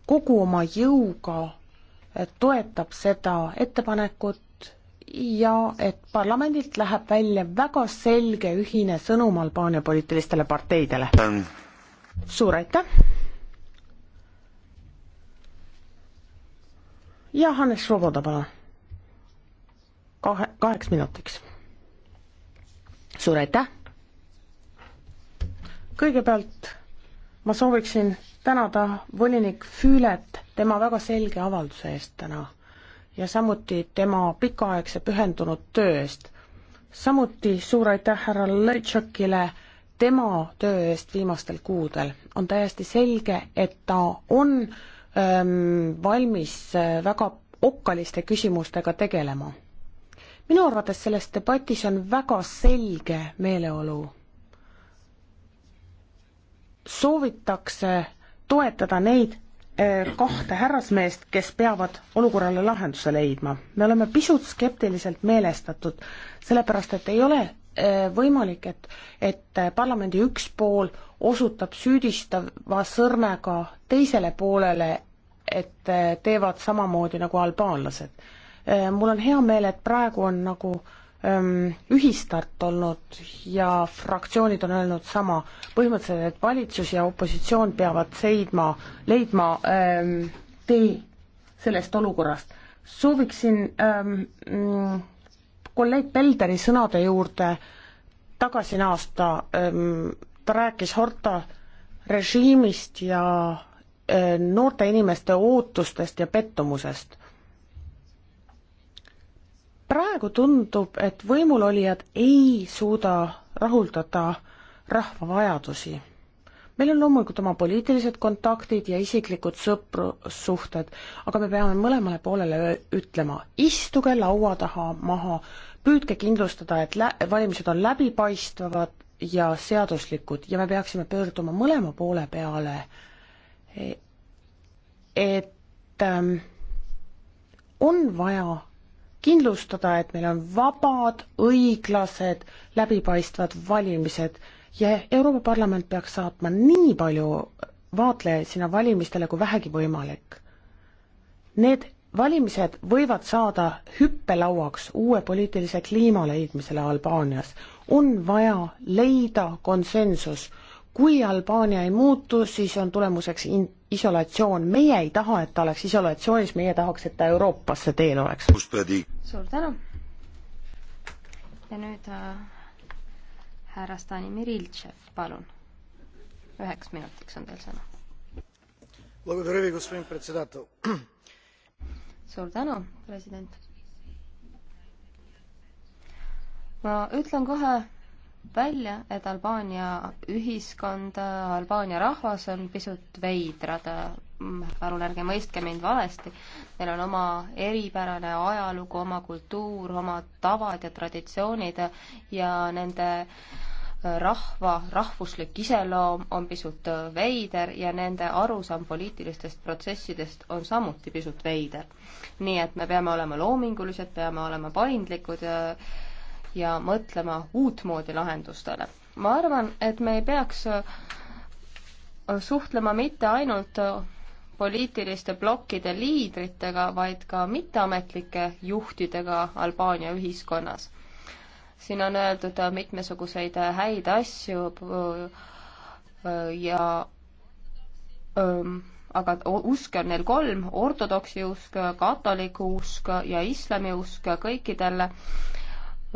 kogu oma jõuga äh, toetab seda ettepanekut ja et parlamendilt läheb välja väga selge ühine sõnum Albaania poliitilistele parteidele. suur aitäh! ja Hannes Svoboda, palun. kahe, kaheks minutiks. suur aitäh! kõigepealt ma sooviksin tänada volinik Füület tema väga selge avalduse eest täna ja samuti tema pikaaegse pühendunud töö eest. samuti suur aitäh härra Lõtšakile tema töö eest viimastel kuudel. on täiesti selge, et ta on ähm, valmis äh, väga okkaliste küsimustega tegelema. minu arvates selles debatis on väga selge meeleolu. soovitakse toetada neid, Eh, kahte härrasmeest, kes peavad olukorrale lahenduse leidma. me oleme pisut skeptiliselt meelestatud, sellepärast et ei ole eh, võimalik, et, et parlamendi üks pool osutab süüdistava sõrmega teisele poolele, et eh, teevad samamoodi nagu albaanlased. mul on hea meel, et praegu on nagu äh, Ähm, ühistart olnud ja fraktsioonid on öelnud sama, põhimõtteliselt, et valitsus ja opositsioon peavad seidma, leidma ähm, tee sellest olukorrast. sooviksin ähm, mm, kolleeg Pelderi sõnade juurde tagasi naasta ähm,, ta rääkis Horta režiimist ja äh, noorte inimeste ootustest ja pettumusest praegu tundub, et võimulolijad ei suuda rahuldada rahva vajadusi. meil on loomulikult oma poliitilised kontaktid ja isiklikud sõprussuhted, aga me peame mõlemale poolele ütlema, istuge laua taha maha, püüdke kindlustada, et lä-, valimised on läbipaistvad ja seaduslikud ja me peaksime pöörduma mõlema poole peale, e-, et ähm, on vaja kindlustada, et meil on vabad, õiglased, läbipaistvad valimised ja Euroopa Parlament peaks saatma nii palju vaatlejaid sinna valimistele kui vähegi võimalik. Need valimised võivad saada hüppelauaks uue poliitilise kliima leidmisele Albaanias. on vaja leida konsensus kui Albaania ei muutu, siis on tulemuseks in-, isolatsioon, meie ei taha, et ta oleks isolatsioonis, meie tahaks, et ta Euroopasse teel oleks. suur tänu! ja nüüd äh, härra Stanimir Iltšev, palun. üheks minutiks on teil sõna. suur tänu, president! ma ütlen kohe välja, et Albaania ühiskond, Albaania rahvas on pisut veidrad. palun ärge mõistke mind valesti. Neil on oma eripärane ajalugu, oma kultuur, oma tavad ja traditsioonid ja nende rahva rahvuslik iseloom on pisut veider ja nende arusaam poliitilistest protsessidest on samuti pisut veider. nii et me peame olema loomingulised, peame olema paindlikud ja ja mõtlema uutmoodi lahendustele. ma arvan, et me ei peaks äh, suhtlema mitte ainult äh, poliitiliste blokkide liidritega, vaid ka mitteametlike juhtidega Albaania ühiskonnas. siin on öeldud äh, mitmesuguseid häid asju ja ähm, aga uske on neil kolm, ortodoksi usk, katoliku usk ja islami usk, kõikidel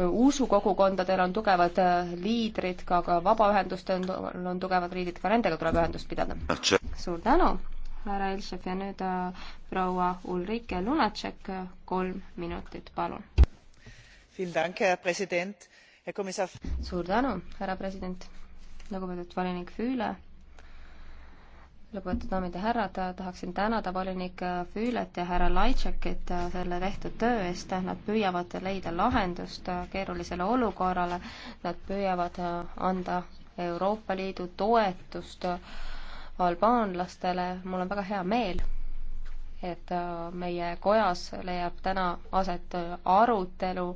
usukogukondadel on tugevad äh, liidrid, ka, ka vabaühendustel on, on tugevad liidrid, ka nendega tuleb ühendust pidada. suur tänu, härra Iltšev ja nüüd äh, proua Ulrike Lunatšek, äh, kolm minutit, palun. suur tänu, härra president, lugupeetud volinik Füüle lugupeetud daamid ja härrad, tahaksin tänada volinik Füület ja härra Laitšekit selle tehtud töö eest, nad püüavad leida lahendust keerulisele olukorrale, nad püüavad anda Euroopa Liidu toetust albaanlastele, mul on väga hea meel, et meie kojas leiab täna aset arutelu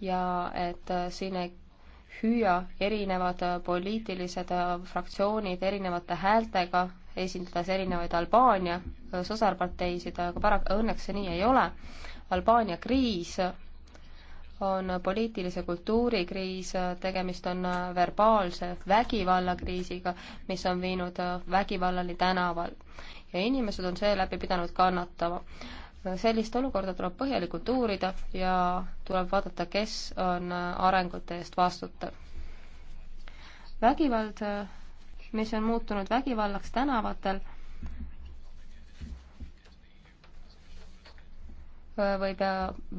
ja et siin ei hüüa erinevad äh, poliitilised äh, fraktsioonid erinevate häältega, esindades erinevaid Albaania äh, sõsarparteisid, aga para-, õnneks see nii ei ole. Albaania kriis on poliitilise kultuuri kriis, tegemist on verbaalse vägivallakriisiga, mis on viinud vägivallani tänaval. ja inimesed on seeläbi pidanud kannatama sellist olukorda tuleb põhjalikult uurida ja tuleb vaadata, kes on arengute eest vastutav. vägivald, mis on muutunud vägivallaks tänavatel, võib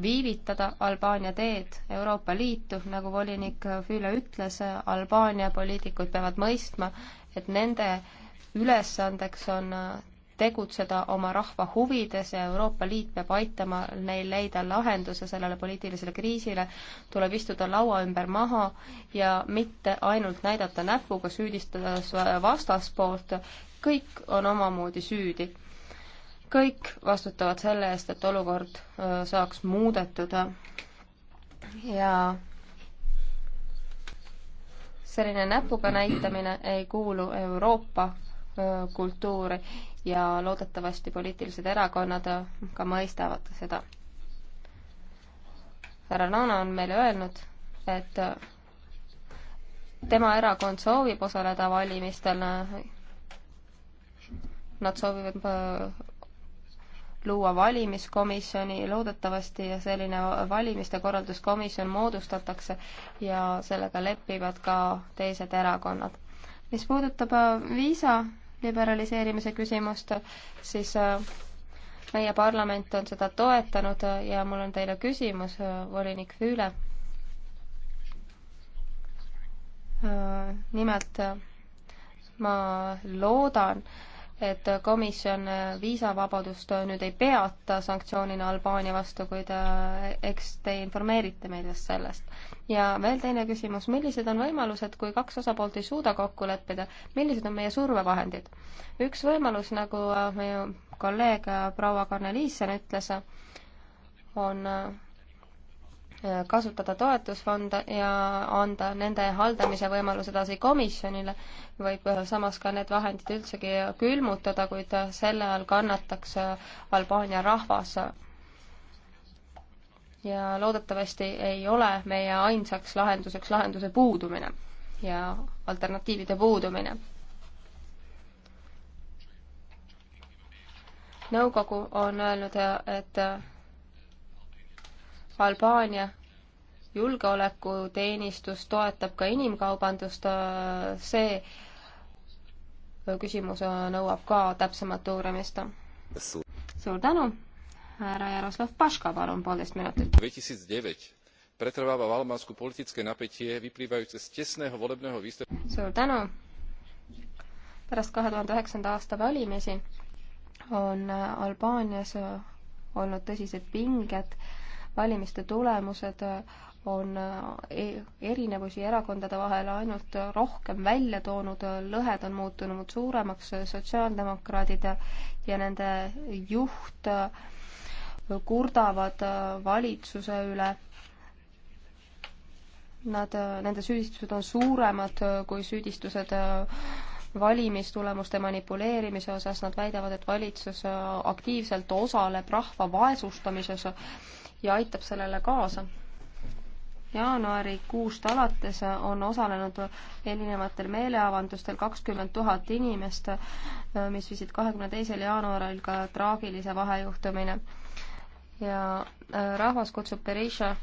viivitada Albaania teed Euroopa Liitu, nagu volinik Füüle ütles, Albaania poliitikud peavad mõistma, et nende ülesandeks on tegutseda oma rahva huvides ja Euroopa Liit peab aitama neil leida lahenduse sellele poliitilisele kriisile, tuleb istuda laua ümber maha ja mitte ainult näidata näpuga, süüdistades vastaspoolt, kõik on omamoodi süüdi. kõik vastutavad selle eest, et olukord saaks muudetud ja selline näpuga näitamine ei kuulu Euroopa kultuuri ja loodetavasti poliitilised erakonnad ka mõistavad seda. härra Naana on meile öelnud, et tema erakond soovib osaleda valimistel. Nad soovivad äh, luua valimiskomisjoni, loodetavasti selline valimiste korralduskomisjon moodustatakse ja sellega lepivad ka teised erakonnad. mis puudutab äh, viisa liberaliseerimise küsimust, siis äh, meie parlament on seda toetanud äh, ja mul on teile küsimus, äh, volinik Füüle. nimelt ma loodan, et komisjon viisavabadust nüüd ei peata sanktsioonina Albaania vastu, kuid äh, eks te informeerite meid just sellest. ja veel teine küsimus, millised on võimalused, kui kaks osapoolt ei suuda kokku leppida, millised on meie survevahendid? üks võimalus, nagu äh, meie kolleeg äh, proua Karneliisen ütles, on Äh, kasutada toetusfonde ja anda nende haldamise võimalus edasi komisjonile, võib äh, samas ka need vahendid üldsegi külmutada, kuid äh, selle all kannataks Albaania rahvas. ja loodetavasti ei ole meie ainsaks lahenduseks lahenduse puudumine ja alternatiivide puudumine nõukogu on öelnud, et Albaania julgeolekuteenistus toetab ka inimkaubandust, see küsimus nõuab ka täpsemat uurimist. suur tänu, härra Jaroslav Paška, palun poolteist minutit. pretrváva v Albánsku politické napätie vyplývajúce z tesného volebného výsledku. Suur tänu. Pärast 2009. aasta valimisi on Albaanias olnud tõsised pinged valimiste tulemused äh, on äh, e-, erinevusi erakondade vahel ainult äh, rohkem välja toonud, lõhed on muutunud suuremaks, sotsiaaldemokraadid ja nende juht kurdavad valitsuse üle. Nad, nende süüdistused on suuremad kui süüdistused valimistulemuste manipuleerimise osas, nad väidavad, et valitsus aktiivselt osaleb rahva vaesustamises ja aitab sellele kaasa. jaanuarikuust alates on osalenud erinevatel meeleavaldustel kakskümmend tuhat inimest, mis viisid kahekümne teisel jaanuaril ka traagilise vahejuhtumini. ja äh, rahvas kutsub Berisha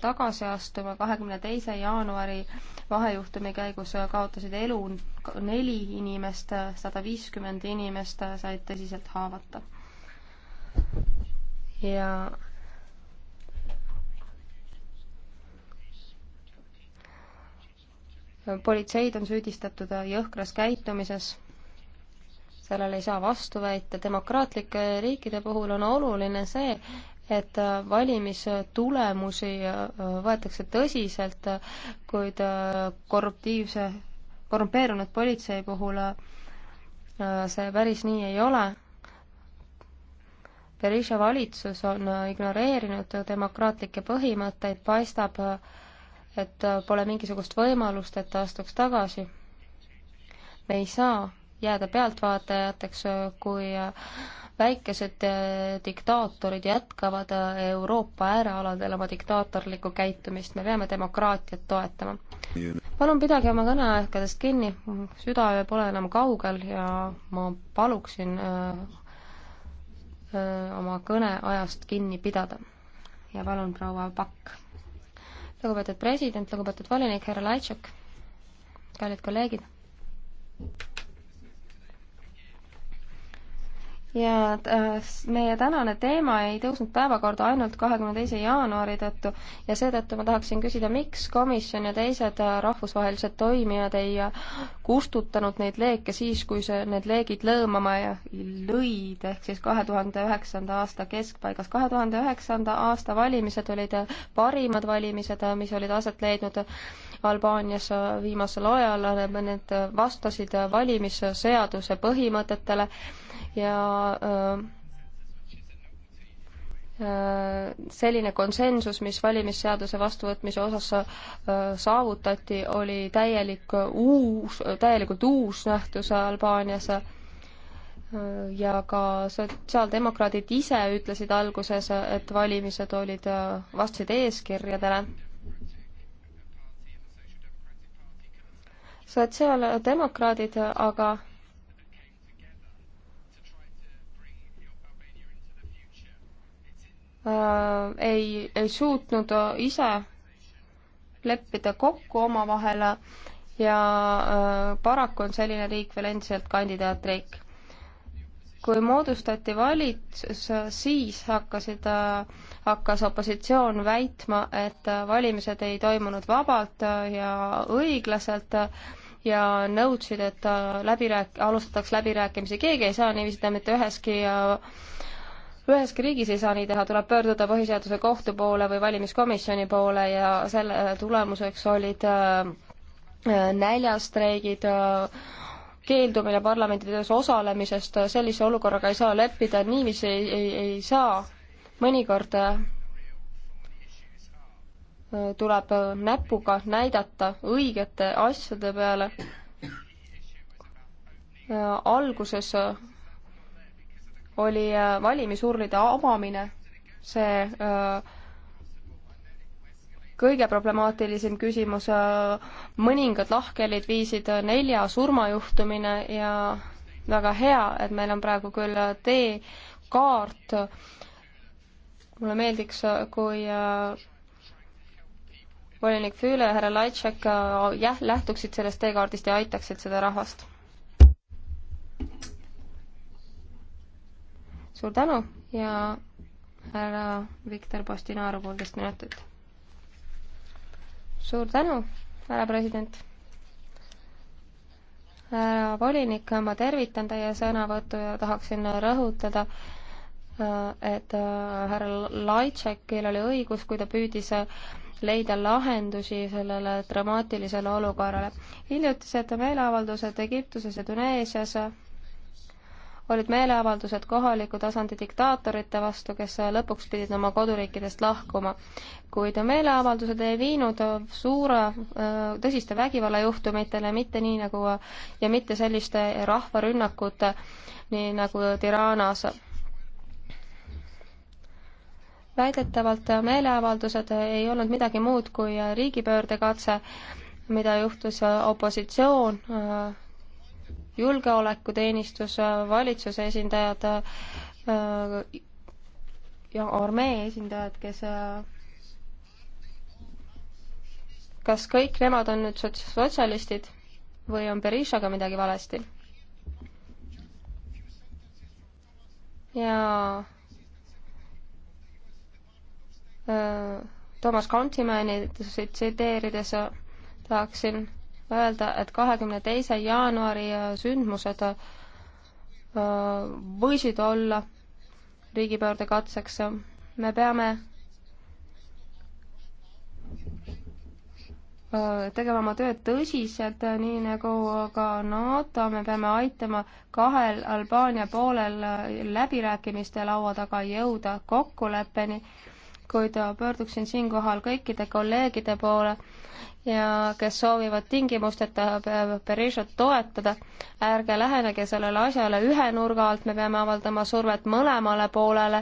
tagasi astuma. kahekümne teise jaanuari vahejuhtumi käigus kaotasid elu neli inimest, sada viiskümmend inimest said tõsiselt haavata. ja politseid on süüdistatud jõhkras käitumises, sellele ei saa vastu väita, demokraatlike riikide puhul on oluline see, et valimistulemusi võetakse tõsiselt, kuid korruptiivse, korrumpeerunud politsei puhul see päris nii ei ole. Berisha valitsus on ignoreerinud demokraatlikke põhimõtteid, paistab äh, et pole mingisugust võimalust, et ta astuks tagasi. me ei saa jääda pealtvaatajateks, kui väikesed diktaatorid jätkavad Euroopa äärealadel oma diktaatorlikku käitumist, me peame demokraatiat toetama. palun pidage oma kõneaegadest kinni, südaöö pole enam kaugel ja ma paluksin öö, äh, öö, äh, oma kõneajast kinni pidada. ja palun, proua Pakk lugupeetud president, lugupeetud volinik, härra Laitšak, kallid kolleegid. ja äh, meie tänane teema ei tõusnud päevakorda ainult kahekümne teise jaanuari tõttu ja seetõttu ma tahaksin küsida, miks komisjon ja teised äh, rahvusvahelised toimijad ei äh, kustutanud neid leeke siis, kui see, need leegid lõõmama lõid, ehk siis kahe tuhande üheksanda aasta keskpaigas. kahe tuhande üheksanda aasta valimised olid parimad valimised, mis olid aset leidnud Albaanias viimasel ajal, need vastasid valimisseaduse põhimõtetele ja äh, äh, selline konsensus, mis valimisseaduse vastuvõtmise osas äh, saavutati, oli täielik uus, täielikult uus nähtus Albaanias ja ka sotsiaaldemokraadid ise ütlesid alguses, et valimised olid, vastasid eeskirjadele sotsiaaldemokraadid aga äh, ei, ei suutnud ise leppida kokku omavahel ja äh, paraku on selline riik veel endiselt kandidaatriik kui moodustati valitsus, siis hakkasid, hakkas opositsioon väitma, et valimised ei toimunud vabalt ja õiglaselt ja nõudsid, et läbirääk-, alustataks läbirääkimisi, keegi ei saa niiviisi teha mitte üheski üheski riigis ei saa nii teha, tuleb pöörduda Põhiseaduse Kohtu poole või valimiskomisjoni poole ja selle tulemuseks olid äh, näljastreigid äh,, keeldumine parlamentides osalemisest, sellise olukorraga ei saa leppida, niiviisi ei, ei, ei saa. mõnikord äh, tuleb näpuga näidata õigete asjade peale. Äh, alguses oli äh, valimisurnide avamine, see öö, kõige problemaatilisem küsimus, mõningad lahkhelid viisid nelja surmajuhtumine ja väga hea, et meil on praegu küll teekaart. mulle meeldiks, kui äh, volinik Füüle ja härra Laitšek äh, jah, lähtuksid sellest teekaardist ja aitaksid seda rahvast. suur tänu ja härra Viktor Postinaar, poolteist minutit suur tänu, härra president. härra volinik, ma tervitan teie sõnavõttu ja tahaksin rõhutada, äh, et äh, härra Laitšekil oli õigus, kui ta püüdis äh, leida lahendusi sellele dramaatilisele olukorrale. hiljutised meeleavaldused Egiptuses ja Tuneesias olid meeleavaldused kohaliku tasandi diktaatorite vastu, kes lõpuks pidid oma koduriikidest lahkuma. kuid meeleavaldused ei viinud suure, äh, tõsiste vägivallajuhtumitele, mitte nii nagu ja mitte selliste rahvarünnakute, nii nagu Tiranas. väidetavalt meeleavaldused ei olnud midagi muud kui riigipöördekatse, mida juhtus opositsioon äh, julgeolekuteenistus, valitsuse esindajad äh, ja armee esindajad, kes äh, kas kõik nemad on nüüd sots-, sotsialistid või on Berishaga midagi valesti? ja äh, Thomas Countiman'i tsiteerides tahaksin öelda, et kahekümne teise jaanuari äh, sündmused äh, võisid olla riigipöörde katseks. me peame äh, tegema oma tööd tõsiselt, nii nagu ka NATO, me peame aitama kahel Albaania poolel läbirääkimiste laua taga jõuda kokkuleppeni, kuid pöörduksin siinkohal kõikide kolleegide poole ja kes soovivad tingimusteta Berishat toetada, ärge lähenege sellele asjale ühe nurga alt, me peame avaldama survet mõlemale poolele,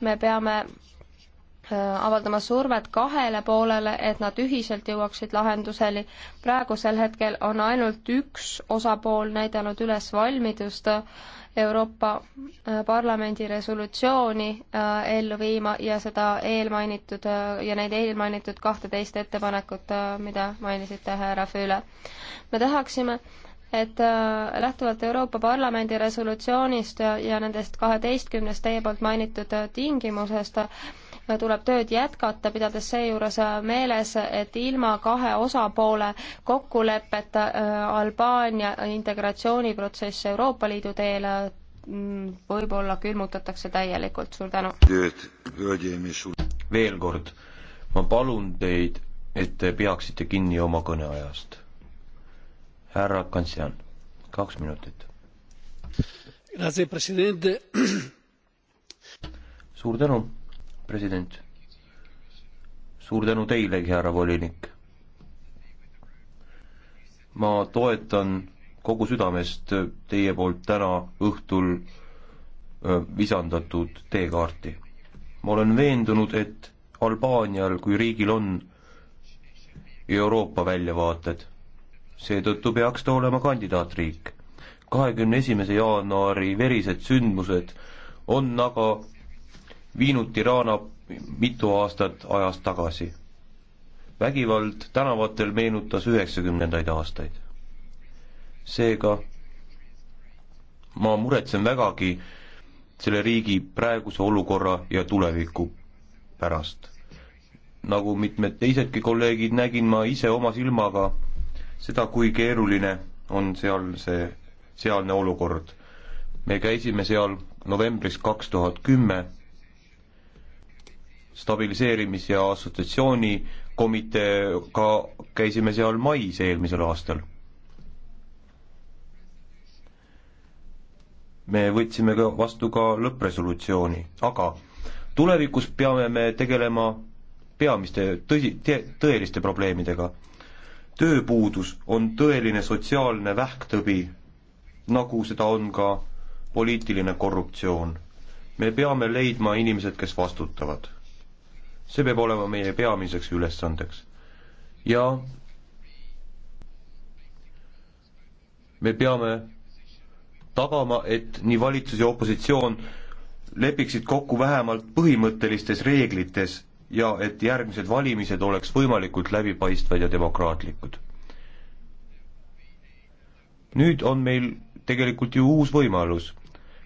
me peame äh, avaldama survet kahele poolele, et nad ühiselt jõuaksid lahenduseni. praegusel hetkel on ainult üks osapool näidanud üles valmidust Euroopa äh, Parlamendi resolutsiooni äh, ellu viima ja seda eelmainitud äh, ja neid eelmainitud kahteteist ettepanekut, mida mainisite, härra Füüle. me tahaksime, et lähtuvalt Euroopa Parlamendi resolutsioonist ja nendest kaheteistkümnest teie poolt mainitud tingimusest tuleb tööd jätkata, pidades seejuures meeles, et ilma kahe osapoole kokkuleppeta äh, Albaania integratsiooniprotsess Euroopa Liidu teel mm, võib-olla külmutatakse täielikult, suur tänu. veel kord, ma palun teid, et te peaksite kinni oma kõneajast. härra Kantsian, kaks minutit. suur tänu president. suur tänu teilegi, härra volinik. ma toetan kogu südamest teie poolt täna õhtul visandatud teekaarti. ma olen veendunud, et Albaanial kui riigil on Euroopa väljavaated. seetõttu peaks ta olema kandidaatriik. kahekümne esimese jaanuari verised sündmused on aga viinud Tirana mitu aastat ajas tagasi. vägivald tänavatel meenutas üheksakümnendaid aastaid. seega ma muretsen vägagi selle riigi praeguse olukorra ja tuleviku pärast. nagu mitmed teisedki kolleegid, nägin ma ise oma silmaga seda, kui keeruline on seal see, sealne olukord. me käisime seal novembris kaks tuhat kümme stabiliseerimis- ja assotsiatsioonikomiteega käisime seal mais eelmisel aastal. me võtsime ka vastu ka lõppresolutsiooni, aga tulevikus peame me tegelema peamiste tõsi, tõeliste probleemidega. tööpuudus on tõeline sotsiaalne vähktõbi, nagu seda on ka poliitiline korruptsioon. me peame leidma inimesed, kes vastutavad see peab olema meie peamiseks ülesandeks. ja me peame tagama, et nii valitsus ja opositsioon lepiksid kokku vähemalt põhimõttelistes reeglites ja et järgmised valimised oleks võimalikult läbipaistvad ja demokraatlikud. nüüd on meil tegelikult ju uus võimalus.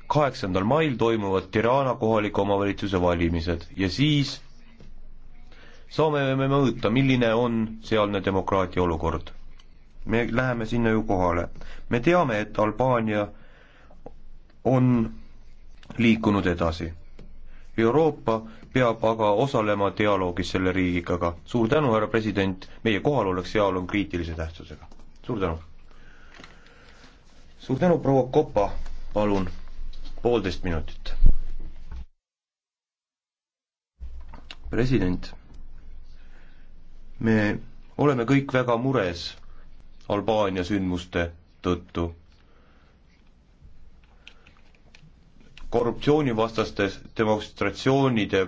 kaheksandal mail toimuvad Tirana kohaliku omavalitsuse valimised ja siis saame me mõõta, milline on sealne demokraatia olukord. me läheme sinna ju kohale. me teame, et Albaania on liikunud edasi. Euroopa peab aga osalema dialoogis selle riigiga ka. suur tänu, härra president, meie kohalolek seal on kriitilise tähtsusega. suur tänu. suur tänu, proua Kopa, palun, poolteist minutit. president me oleme kõik väga mures Albaania sündmuste tõttu. korruptsioonivastaste demonstratsioonide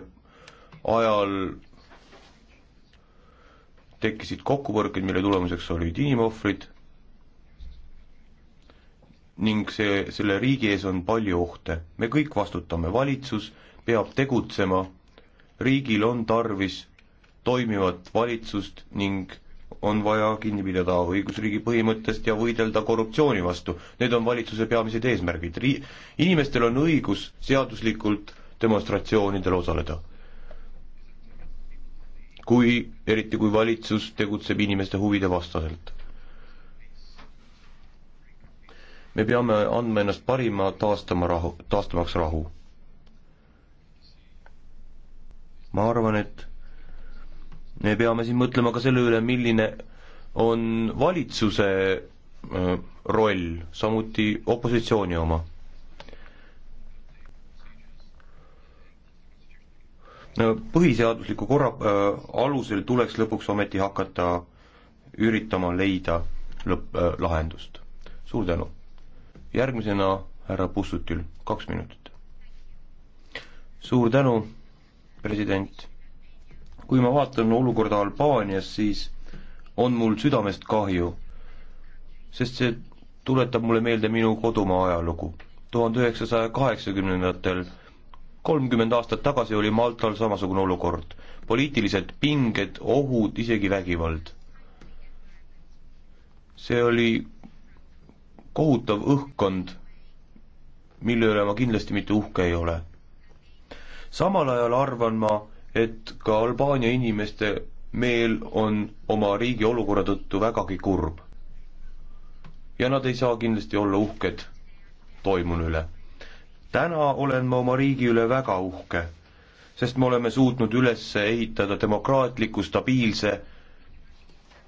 ajal tekkisid kokkupõrked, mille tulemuseks olid inimohvrid ning see, selle riigi ees on palju ohte. me kõik vastutame, valitsus peab tegutsema, riigil on tarvis toimivat valitsust ning on vaja kinni pidada õigusriigi põhimõttest ja võidelda korruptsiooni vastu. Need on valitsuse peamised eesmärgid. Ri-, inimestel on õigus seaduslikult demonstratsioonidel osaleda. kui, eriti kui valitsus tegutseb inimeste huvide vastaselt. me peame andma ennast parima taastama rahu, taastamaks rahu. ma arvan, et me peame siin mõtlema ka selle üle, milline on valitsuse äh, roll, samuti opositsiooni oma. põhiseadusliku korra äh, alusel tuleks lõpuks ometi hakata üritama leida lõpp äh,, lahendust. suur tänu. järgmisena härra Pussutil kaks minutit. suur tänu, president kui ma vaatan olukorda Albaanias, siis on mul südamest kahju, sest see tuletab mulle meelde minu kodumaa ajalugu. tuhande üheksasaja kaheksakümnendatel, kolmkümmend aastat tagasi oli Maltal samasugune olukord. poliitilised pinged, ohud, isegi vägivald. see oli kohutav õhkkond, mille üle ma kindlasti mitte uhke ei ole. samal ajal arvan ma, et ka Albaania inimeste meel on oma riigi olukorra tõttu vägagi kurb. ja nad ei saa kindlasti olla uhked toimunu üle. täna olen ma oma riigi üle väga uhke, sest me oleme suutnud üles ehitada demokraatliku, stabiilse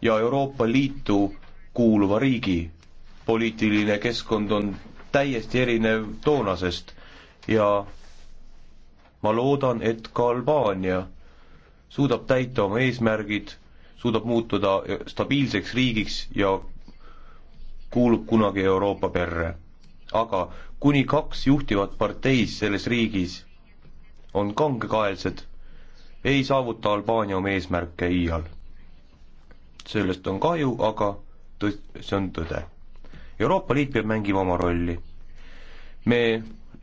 ja Euroopa Liitu kuuluva riigi. poliitiline keskkond on täiesti erinev toonasest ja ma loodan, et ka Albaania suudab täita oma eesmärgid, suudab muutuda stabiilseks riigiks ja kuulub kunagi Euroopa perre. aga kuni kaks juhtivat parteis selles riigis on kangekaelsed, ei saavuta Albaania oma eesmärke iial. sellest on kahju, aga tõ-, see on tõde. Euroopa Liit peab mängima oma rolli. me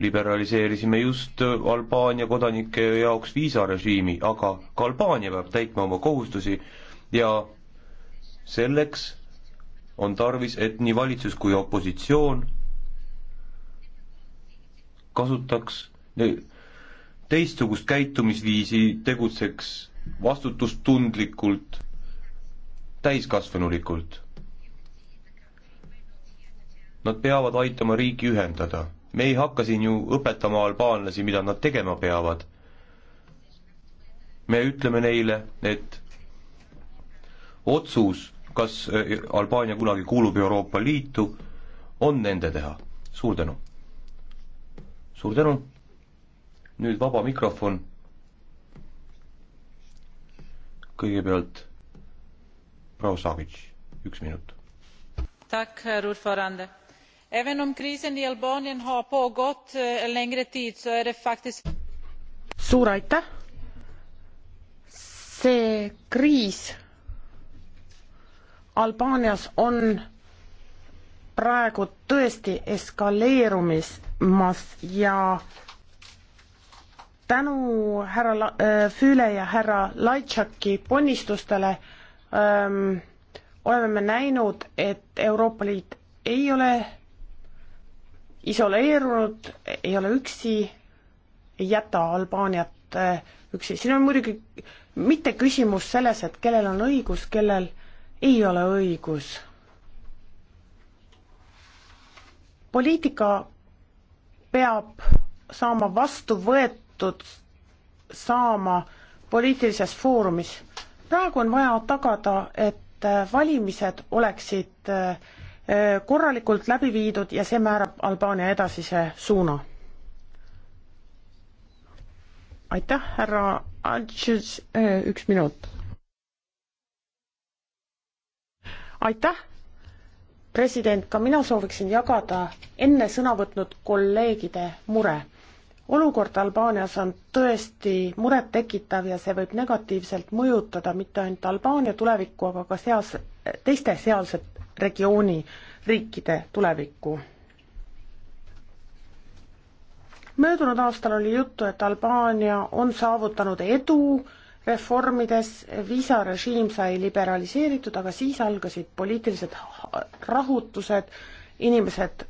liberaliseerisime just Albaania kodanike jaoks viisarežiimi, aga ka Albaania peab täitma oma kohustusi ja selleks on tarvis, et nii valitsus kui opositsioon kasutaks teistsugust käitumisviisi, tegutseks vastutustundlikult, täiskasvanulikult. Nad peavad aitama riiki ühendada me ei hakka siin ju õpetama albaanlasi, mida nad tegema peavad. me ütleme neile, et otsus, kas eh, Albaania kunagi kuulub Euroopa Liitu, on nende teha. suur tänu! suur tänu! nüüd vaba mikrofon. kõigepealt proua Savits, üks minut. tak, härra Urfarande även om krisen i albanien har pågått eh, en längre tid så är det faktiskt suur aitäh! see kriis Albaanias on praegu tõesti eskaleerumas ja tänu härra äh, Füüle ja härra Laitšaki ponnistustele öö, ähm, oleme me näinud, et Euroopa Liit ei ole isoleerunud, ei ole üksi, ei jäta Albaaniat äh, üksi, siin on muidugi mitte küsimus selles, et kellel on õigus, kellel ei ole õigus. poliitika peab saama vastu võetud, saama poliitilises foorumis. praegu on vaja tagada, et äh, valimised oleksid äh, Äh, korralikult läbi viidud ja see määrab Albaania edasise suuna. aitäh, härra Adžis, äh, üks minut. aitäh, president, ka mina sooviksin jagada enne sõna võtnud kolleegide mure. olukord Albaanias on tõesti murettekitav ja see võib negatiivselt mõjutada mitte ainult Albaania tulevikku, aga ka seas, teiste sealset regiooni riikide tulevikku. möödunud aastal oli juttu, et Albaania on saavutanud edu reformides, viisarežiim sai liberaliseeritud, aga siis algasid poliitilised rahutused, inimesed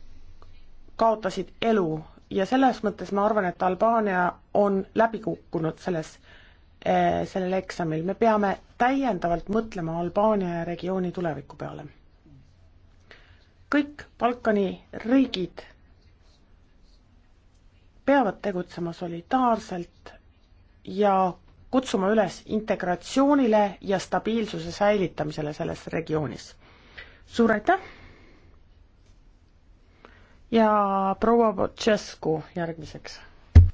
kaotasid elu ja selles mõttes ma arvan, et Albaania on läbi kukkunud selles, eh, sellel eksamil, me peame täiendavalt mõtlema Albaania regiooni tuleviku peale kõik Balkani riigid peavad tegutsema solidaarselt ja kutsuma üles integratsioonile ja stabiilsuse säilitamisele selles regioonis. suur aitäh! ja proua Bocescu järgmiseks.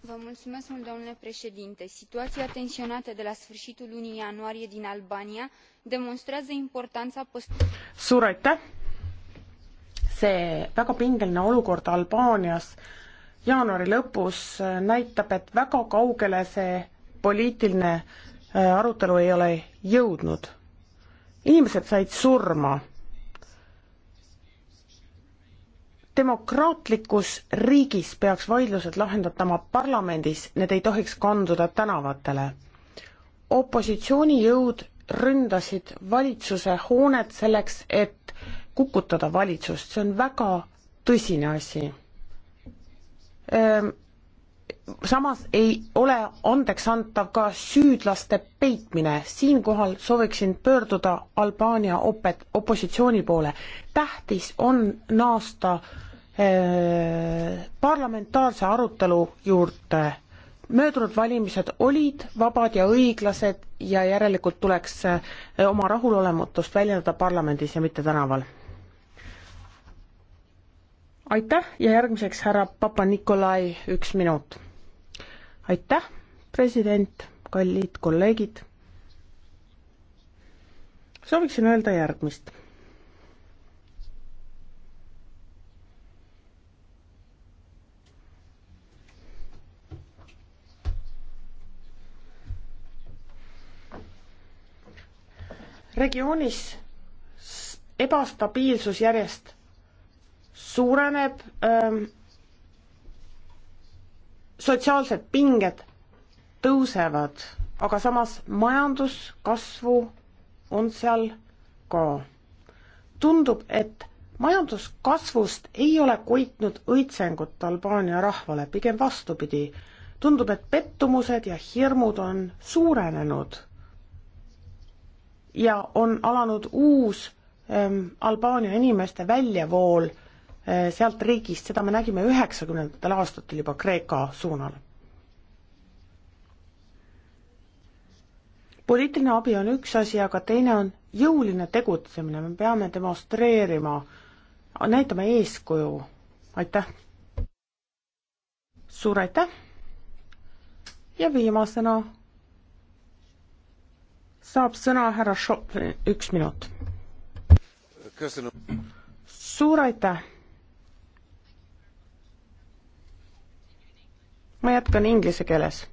Vă mulțumesc mult, domnule președinte. Situația tensionată de la sfârșitul lunii ianuarie din Albania demonstrează importanța păstrării. Suur aitäh! see väga pingeline olukord Albaanias jaanuari lõpus äh, näitab, et väga kaugele see poliitiline äh, arutelu ei ole jõudnud. inimesed said surma. demokraatlikus riigis peaks vaidlused lahendatama parlamendis, need ei tohiks kanduda tänavatele. opositsioonijõud ründasid valitsuse hoonet selleks, et kukutada valitsust, see on väga tõsine asi. Ehm, samas ei ole andeks antav ka süüdlaste peitmine, siinkohal sooviksin pöörduda Albaania opet-, opositsiooni poole. tähtis on naasta ehm, parlamentaarse arutelu juurde. möödunud valimised olid vabad ja õiglased ja järelikult tuleks eh, oma rahulolematust väljendada parlamendis ja mitte tänaval aitäh ja järgmiseks härra Papa-Nikolai, üks minut. aitäh, president, kallid kolleegid. sooviksin öelda järgmist. regioonis ebastabiilsus järjest suureneb ähm, sotsiaalsed pinged tõusevad, aga samas majanduskasvu on seal ka. tundub, et majanduskasvust ei ole koitnud õitsengut Albaania rahvale, pigem vastupidi. tundub, et pettumused ja hirmud on suurenenud. ja on alanud uus ähm, Albaania inimeste väljavool äh, Eh, sealt riigist, seda me nägime üheksakümnendatel aastatel juba Kreeka suunal. poliitiline abi on üks asi, aga teine on jõuline tegutsemine, me peame demonstreerima, näitama eeskuju, aitäh! suur aitäh! ja viimasena saab sõna härra Šoplin, üks minut. suur aitäh! ma jätkan inglise keeles.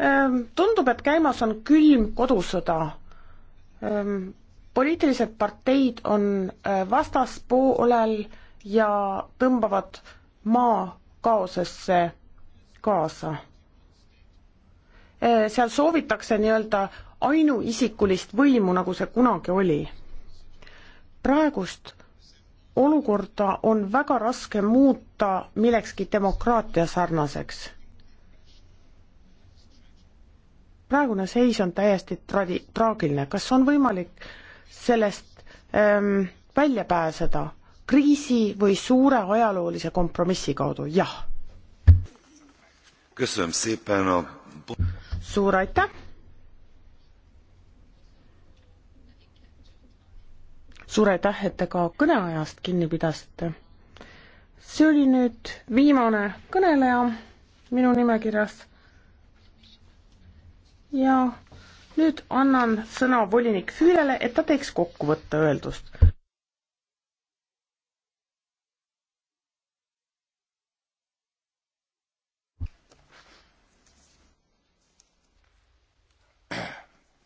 Ehm, tundub, et käimas on külm kodusõda. Ehm, poliitilised parteid on eh, vastaspoolel ja tõmbavad maa kaosesse kaasa. Eh, seal soovitakse nii-öelda ainuisikulist võimu, nagu see kunagi oli. praegust olukorda on väga raske muuta millekski demokraatia sarnaseks. praegune seis on täiesti tradi-, traagiline, kas on võimalik sellest ähm, välja pääseda kriisi või suure ajaloolise kompromissi kaudu, jah. suur aitäh! suur aitäh, et te ka kõneajast kinni pidasite. see oli nüüd viimane kõneleja minu nimekirjas. ja nüüd annan sõna volinik Füülele, et ta teeks kokkuvõtte öeldust.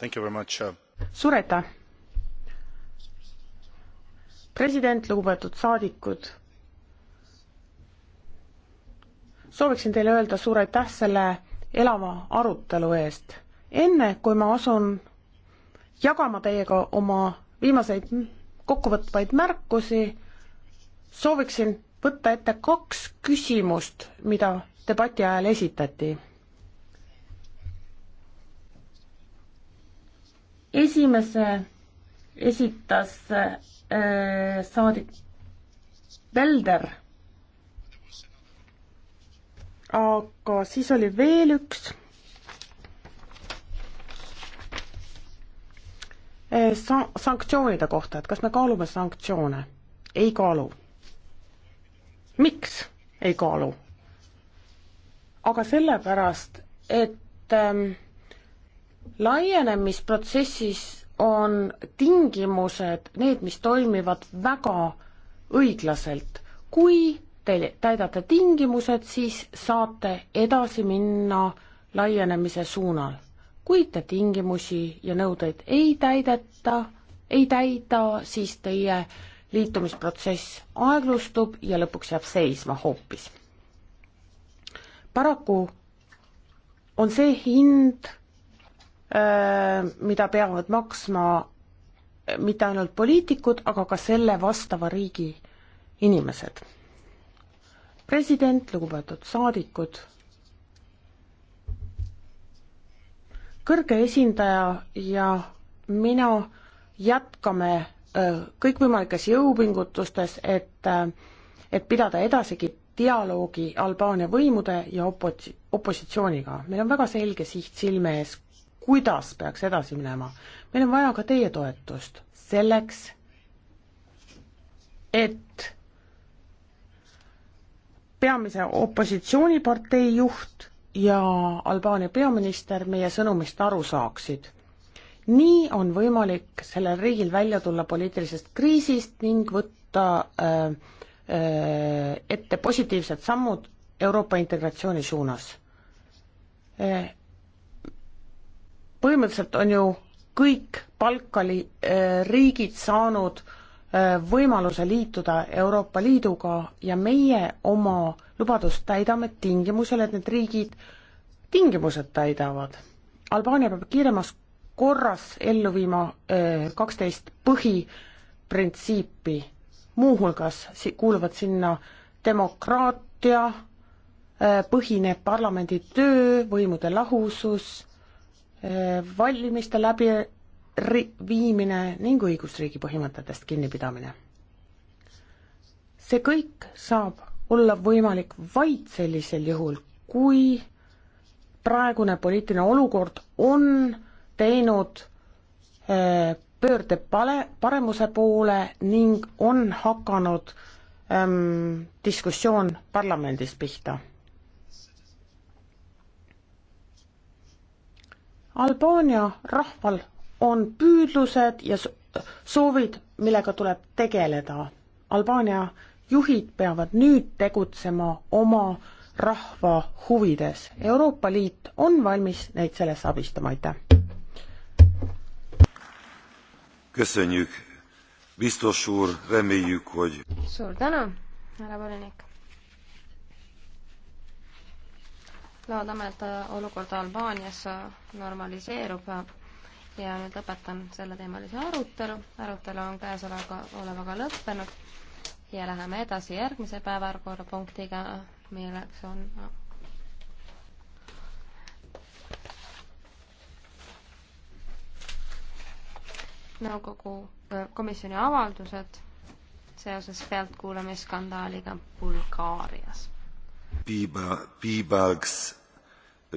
Uh, suur aitäh! president, lugupeetud saadikud, sooviksin teile öelda suur aitäh selle elava arutelu eest. enne, kui ma asun jagama teiega oma viimaseid kokkuvõtvaid märkusi, sooviksin võtta ette kaks küsimust, mida debati ajal esitati. esimese esitas äh, saadik Pelder. aga siis oli veel üks äh, Sa-, sanktsioonide kohta, et kas me kaalume sanktsioone? ei kaalu. miks ei kaalu? aga sellepärast, et ähm, laienemisprotsessis on tingimused need, mis toimivad väga õiglaselt. kui te täidate tingimused, siis saate edasi minna laienemise suunal. kui te tingimusi ja nõudeid ei täideta, ei täida, siis teie liitumisprotsess aeglustub ja lõpuks jääb seisma hoopis. paraku on see hind, Äh, mida peavad maksma mitte ainult poliitikud, aga ka selle vastava riigi inimesed. president, lugupeetud saadikud, kõrge esindaja ja mina jätkame äh, kõikvõimalikes jõupingutustes, et, äh, et pidada edasigi dialoogi Albaania võimude ja opo-, opositsiooniga. meil on väga selge siht silme ees, kuidas peaks edasi minema. meil on vaja ka teie toetust selleks, et peamise opositsioonipartei juht ja Albaania peaminister meie sõnumist aru saaksid. nii on võimalik sellel riigil välja tulla poliitilisest kriisist ning võtta äh, äh, ette positiivsed sammud Euroopa integratsiooni suunas äh, põhimõtteliselt on ju kõik Balkali äh, riigid saanud äh, võimaluse liituda Euroopa Liiduga ja meie oma lubadust täidame tingimusel, et need riigid tingimused täidavad. Albaania peab kiiremas korras ellu viima äh, kaksteist põhiprintsiipi, muuhulgas si-, kuuluvad sinna demokraatia, põhine parlamendi töö, võimude lahusus, valimiste läbiviimine ning õigusriigi põhimõtetest kinnipidamine. see kõik saab olla võimalik vaid sellisel juhul, kui praegune poliitiline olukord on teinud äh, pöörde pale, paremuse poole ning on hakanud ähm, diskussioon parlamendis pihta Albaania rahval on püüdlused ja soovid, millega tuleb tegeleda. Albaania juhid peavad nüüd tegutsema oma rahva huvides. Euroopa Liit on valmis neid selles abistama, aitäh! köszönjük, biztos úr, reméljük, hogy suur tänu, härra volinik! loodame, et äh, olukord Albaanias äh, normaliseerub äh, ja nüüd lõpetan selleteemalise arutelu. arutelu on käesolevaga olevaga lõppenud ja läheme edasi järgmise päevakorrapunktiga, milleks on nõukogu komisjoni avaldused seoses pealtkuulamisskandaaliga Bulgaarias Piibalgs